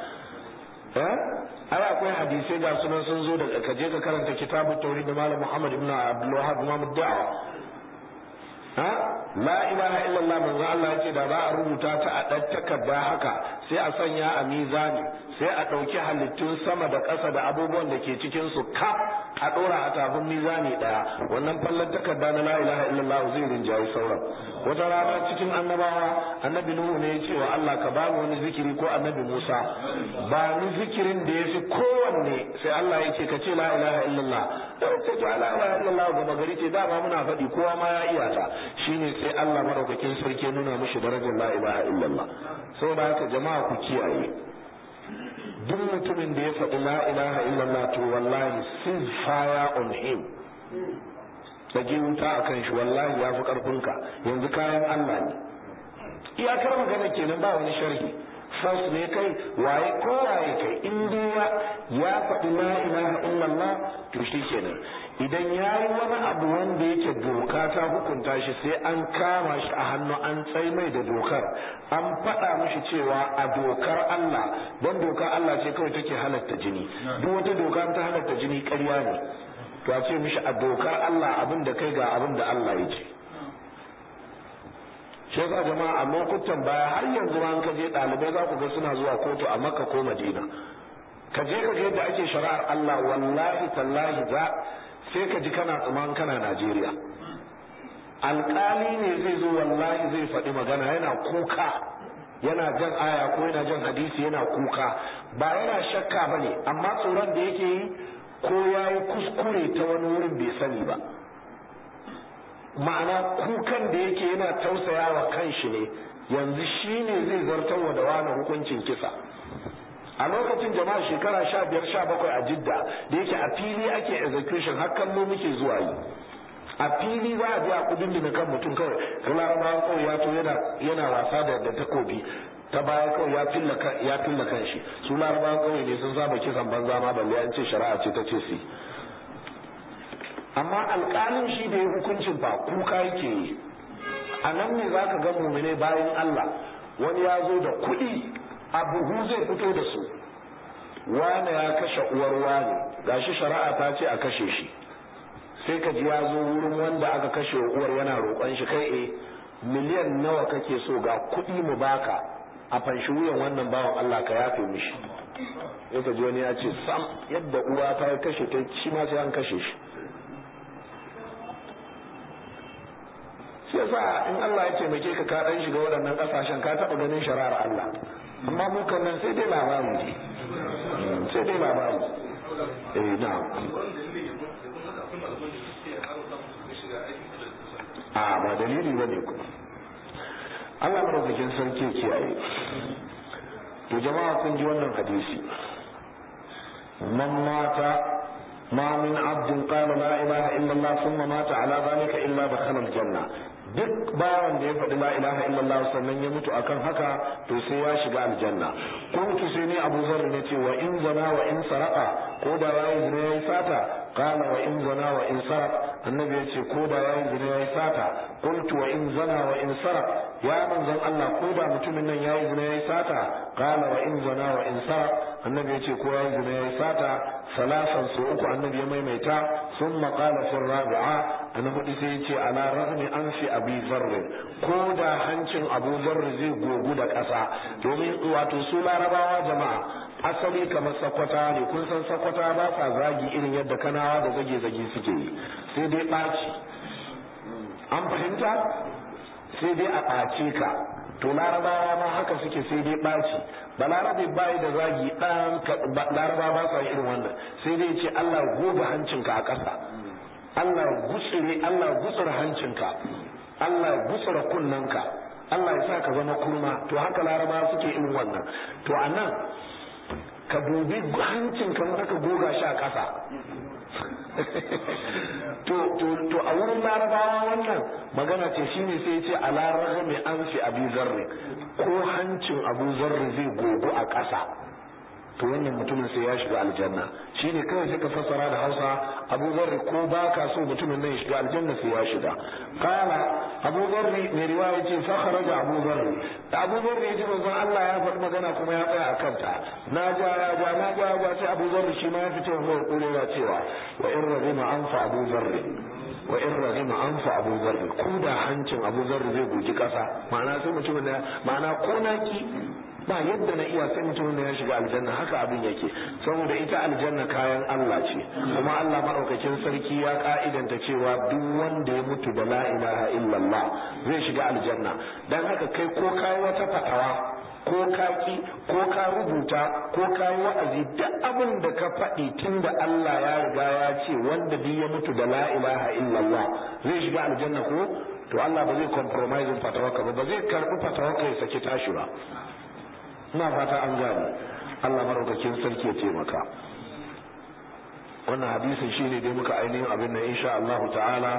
akwai hadisai ga sunan sun zo daga je ka karanta kitabut tauri da malam Muhammad ibn abdullahi Imam la ilaha illallah za Allah yace da ba a rubuta ta a dan takarda haka sai a sanya a mizani sai a dauki halittun sama da ƙasa da abubuwan da ke cikin su ka a dora a tafin mizani daya wannan fallan takarda na la ilaha illallah zai rinjayi sauran wata rana cikin annabawa annabi nuhu ne yace wa Allah ka ba wani zikiri ko annabi Musa ba ni zikirin da yafi kowanne sai Allah yace ka ce la ilaha illallah ta ce la ilaha illallah gaba gari ce ba muna faɗi kowa ma ya iya ta shine sai Allah maraukakin sarki nuna mishi darajar la ilaha illallah saboda haka jama'a ku kiyaye duk mutumin da ya faɗi la ilaha illallah to wallahi sin fire on him dage wuta akan shi wallahi ya fi ƙarfinka yanzu kayan Allah ne iyakar magana kenan ba wani sharhi fas ne kai waye ko waye kai in ya faɗi la ilaha illallah to shi kenan idan ya yi wani abu wanda yake doka ta hukunta shi sai an kama shi a hannu an tsai mai da dokar an faɗa mushi cewa a dokar Allah don dokar Allah ce kawai take halatta jini duk wata doka ta halatta jini ƙarya ne to a ce mushi a dokar Allah abin da kai ga abin da Allah ya ce shi ga jama'a a lokutan baya har yanzu ma ka kaje ɗalibai za ku ga suna zuwa kotu a Makka ko Madina ka je ka yadda ake shari'ar Allah wallahi tallahi za sai ka ji kana tsaman kana najeriya alƙali ne zai zo wallahi zai faɗi magana yana kuka yana jan aya ko yana jan hadisi yana kuka ba yana shakka ba ne amma tsoron da yake yi ko ya yi kuskure ta wani wurin bai sani ba ma'ana kukan da yake yana tausaya wa shi ne yanzu shi ne zai zartarwa da wani hukuncin kisa a lokacin jama'a shekara sha biyar sha bakwai a jidda da yake a fili ake execution har kallo muke zuwa yi a fili za a biya a kudin da kan mutum kawai larabawan kawai ya to yana wasa da takobi ta baya kawai ya filla kan shi su larabawan kawai ne sun saba kisan banza ma balle an ce shari'a ce ta ce amma alƙalin shi da ya hukuncin ba kuka yake yi a nan ne za ka ga mumine bayan allah wani ya zo da kuɗi a buhu zai fito da su wane ya kashe uwar ga shi shari'a ta ce a kashe shi sai ka ji ya zo wurin wanda aka kashe uwar yana roƙon shi kai eh miliyan nawa kake so ga kuɗi mu baka a fanshi wuyan wannan bawan Allah ka yafe mishi sai ka ji wani ya ce sam yadda uwa ta kashe ta shi ma sai an kashe shi shi yasa in Allah ya taimake ka ka dan shiga waɗannan kasashen ka taɓa ganin shari'ar Allah amma mu kan nan sai dai labarin ne sai dai labarin eh na a ba dalili bane ku Allah san ke kiyaye to jama'a kun ji wannan hadisi man mata ما من عبد قال لا إله إلا الله ثم مات على ذلك إلا دخل الجنة duk bawan da ya faɗi la ilaha illallah sannan ya mutu akan haka to sai ya shiga aljanna ko mutu sai ne Abu zarri ne ce wa in zana wa in saraka ko da yayi zina yayi sata qala wa in zana wa in sarak annabi ya ce ko da yayi zina yayi sata qultu wa in zana wa in sarak ya manzon Allah ko da mutumin nan yayi zina yayi sata qala wa in zana wa in sarak annabi ya ce ko yayi zina yayi sata salasan su uku annabi ya maimaita summa qala sun rabi'a annabi sai ya ce ala rahmi an fi abi zarri ko da hancin abu zarri zai gogu da ƙasa domin wato su larabawa jama'a asali kamar sakwata ne kun san sakwata ba sa zagi irin yadda kanawa da zage-zage suke yi sai dai ɓaci an fahimta sai dai a ɓace ka to larabawa ma haka suke sai dai ɓaci ba larabe bayi da zagi ɗan laraba ba sa irin wannan sai dai ce Allah goga hancinka a ƙasa Allah gutsire Allah gutsura hancinka Allah ya kunnanka Allah ya sa ka zama kurma to haka laraba suke irin wannan to anan ka dubi hancin ka aka goga shi a ƙasa to to to a wurin larabawa wannan magana ce shine sai ce a mai an fi abu zarri ko hancin abu zarri zai gogo a ƙasa to wannan mutumin sai ya shiga aljanna ne kawai suka fassara da Hausa Abu ko ba ka so mutumin nan ya shiga aljanna sai ya shiga Kala Abu Dharr mai riwaya ce fa da Abu da Abu Dharr ji manzon Allah ya faɗi magana kuma ya tsaya a ta na ja ya ja na ja ya sai Abu shi ma ya fito mai kurewa cewa wa in rajima an fa Abu Dharr wa in rajima an fa Abu ko da hancin Abu zai guji kasa ma'ana sai mutumin ma'ana ko naki ba yadda na iya san mutumin da ya shiga aljanna haka abin yake saboda ita aljanna kayan Allah ce kuma Allah maɗaukakin sarki ya ka'idanta cewa duk wanda ya mutu da la ilaha illallah zai shiga aljanna dan haka kai ko kai wata fatawa ko ka ki ko ka rubuta ko ka yi wa'azi duk abin da ka faɗi tun da Allah ya riga ya ce wanda duk ya mutu da la ilaha illallah zai shiga aljanna ko to Allah ba zai compromise fatawa ka ba zai karɓi ka ya saki tashi ba ina fata an gane Allah maraukakin sarki ya taimaka wannan hadisin shine dai muka ainihin abin nan insha Allah ta'ala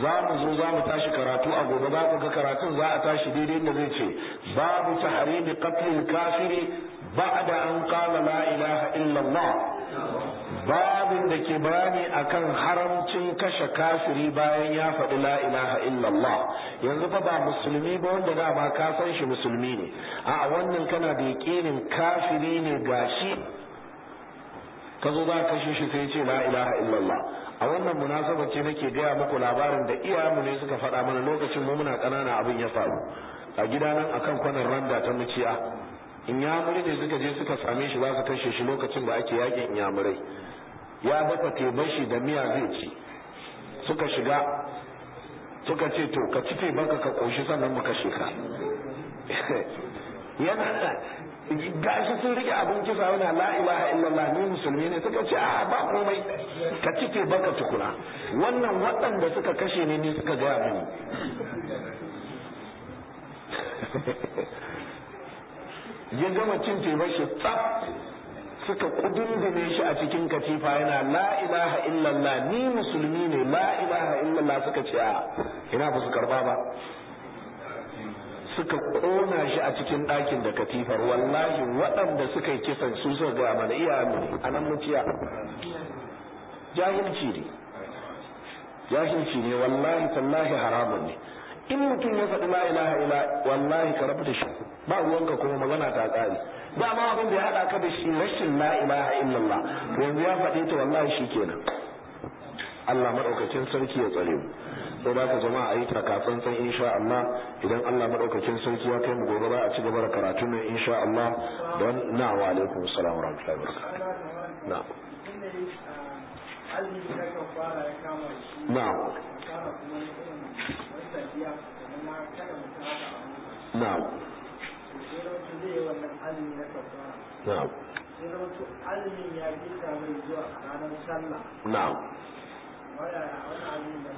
za mu zo za mu tashi karatu a gobe za mu ga karatun za a tashi daidai da zai ce babu tahrimi qatlil kafiri Ba أن قال لا إله إلا الله باب da ke bayani akan haramcin kashe kafiri bayan ya faɗi la ilaha yanzu fa ba musulmi ba wanda da ba ka san shi musulmi ne A'a, wannan kana da yakinin kafiri ne gashi ka zo za ka shi sai ce la ilaha illallah a wannan munasabar ce nake gaya muku labarin da iyayenmu ne suka faɗa mana lokacin mu muna ƙanana abin ya faru a gidanan akan kwanan randa ta muciya Inyamuri ne suka je suka same shi za su kashe shi lokacin da ake yakin inyamurai ya dafa teban shi da miya zai ci suka shiga suka ce to ka ci tebanka ka koshi sannan mu kashe ka yana gashi sun rike abin kisa wani la ilaha illallah ni musulmi ne suka ce a ba komai ka ci ka tukuna wannan waɗanda suka kashe ne ne suka gaya mini ya gama cin teba shi tsaf suka kudin shi a cikin katifa yana la ilaha illallah ni musulmi ne la ilaha illallah suka ce a ina ba su karba ba suka kona shi a cikin ɗakin da katifar wallahi waɗanda suka yi kisan su suka ga mana iya mu a nan mutiya jahilci ne jahilci ne wallahi tallahi haramun ne in mutum ya faɗi la ilaha illa wallahi ka rabu da shi ba ruwanka kuma magana ta tsari ba ma abin da ya haɗa ka da shi rashin la ilaha illallah yanzu ya faɗe ta wallahi shi kenan Allah maɗaukacin sarki ya tsare mu sai da ka jama'a a yi san insha Allah idan Allah maɗaukacin sarki ya kai mu gobe za a ci gaba da karatu nan insha Allah don na wa alaikum na na na'am na'am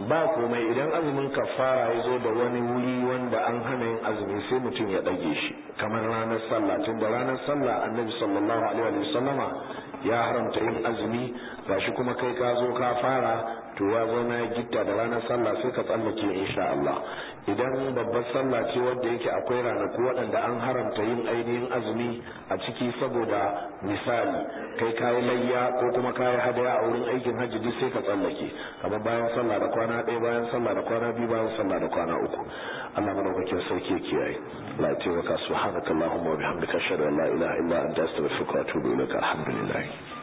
ba komai idan azumin kafara ya zo da wani wuri wanda an hana yin azumi sai mutum ya ɗage shi kamar ranar sallah tun da ranar sallah annabi sallallahu alaihi wa sallama ya haramta yin azumi shi kuma kai ka zo ka fara to ya zo na gitta da ranar sallah sai ka tsallake insha Allah idan babbar sallah ce wanda yake akwai ranaku waɗanda an haramta yin ainihin azumi a ciki saboda misali kai kayi layya ko kuma kayi hadaya a wurin aikin hajji duk sai ka tsallake kamar bayan sallah da kwana ɗaya bayan sallah da kwana biyu bayan sallah da kwana uku Allah madaukakin sarki ya kiyaye Allah ya taimaka subhanakallahumma wa bihamdika ashhadu an la ilaha illa anta astaghfiruka wa atubu ilaik alhamdulillah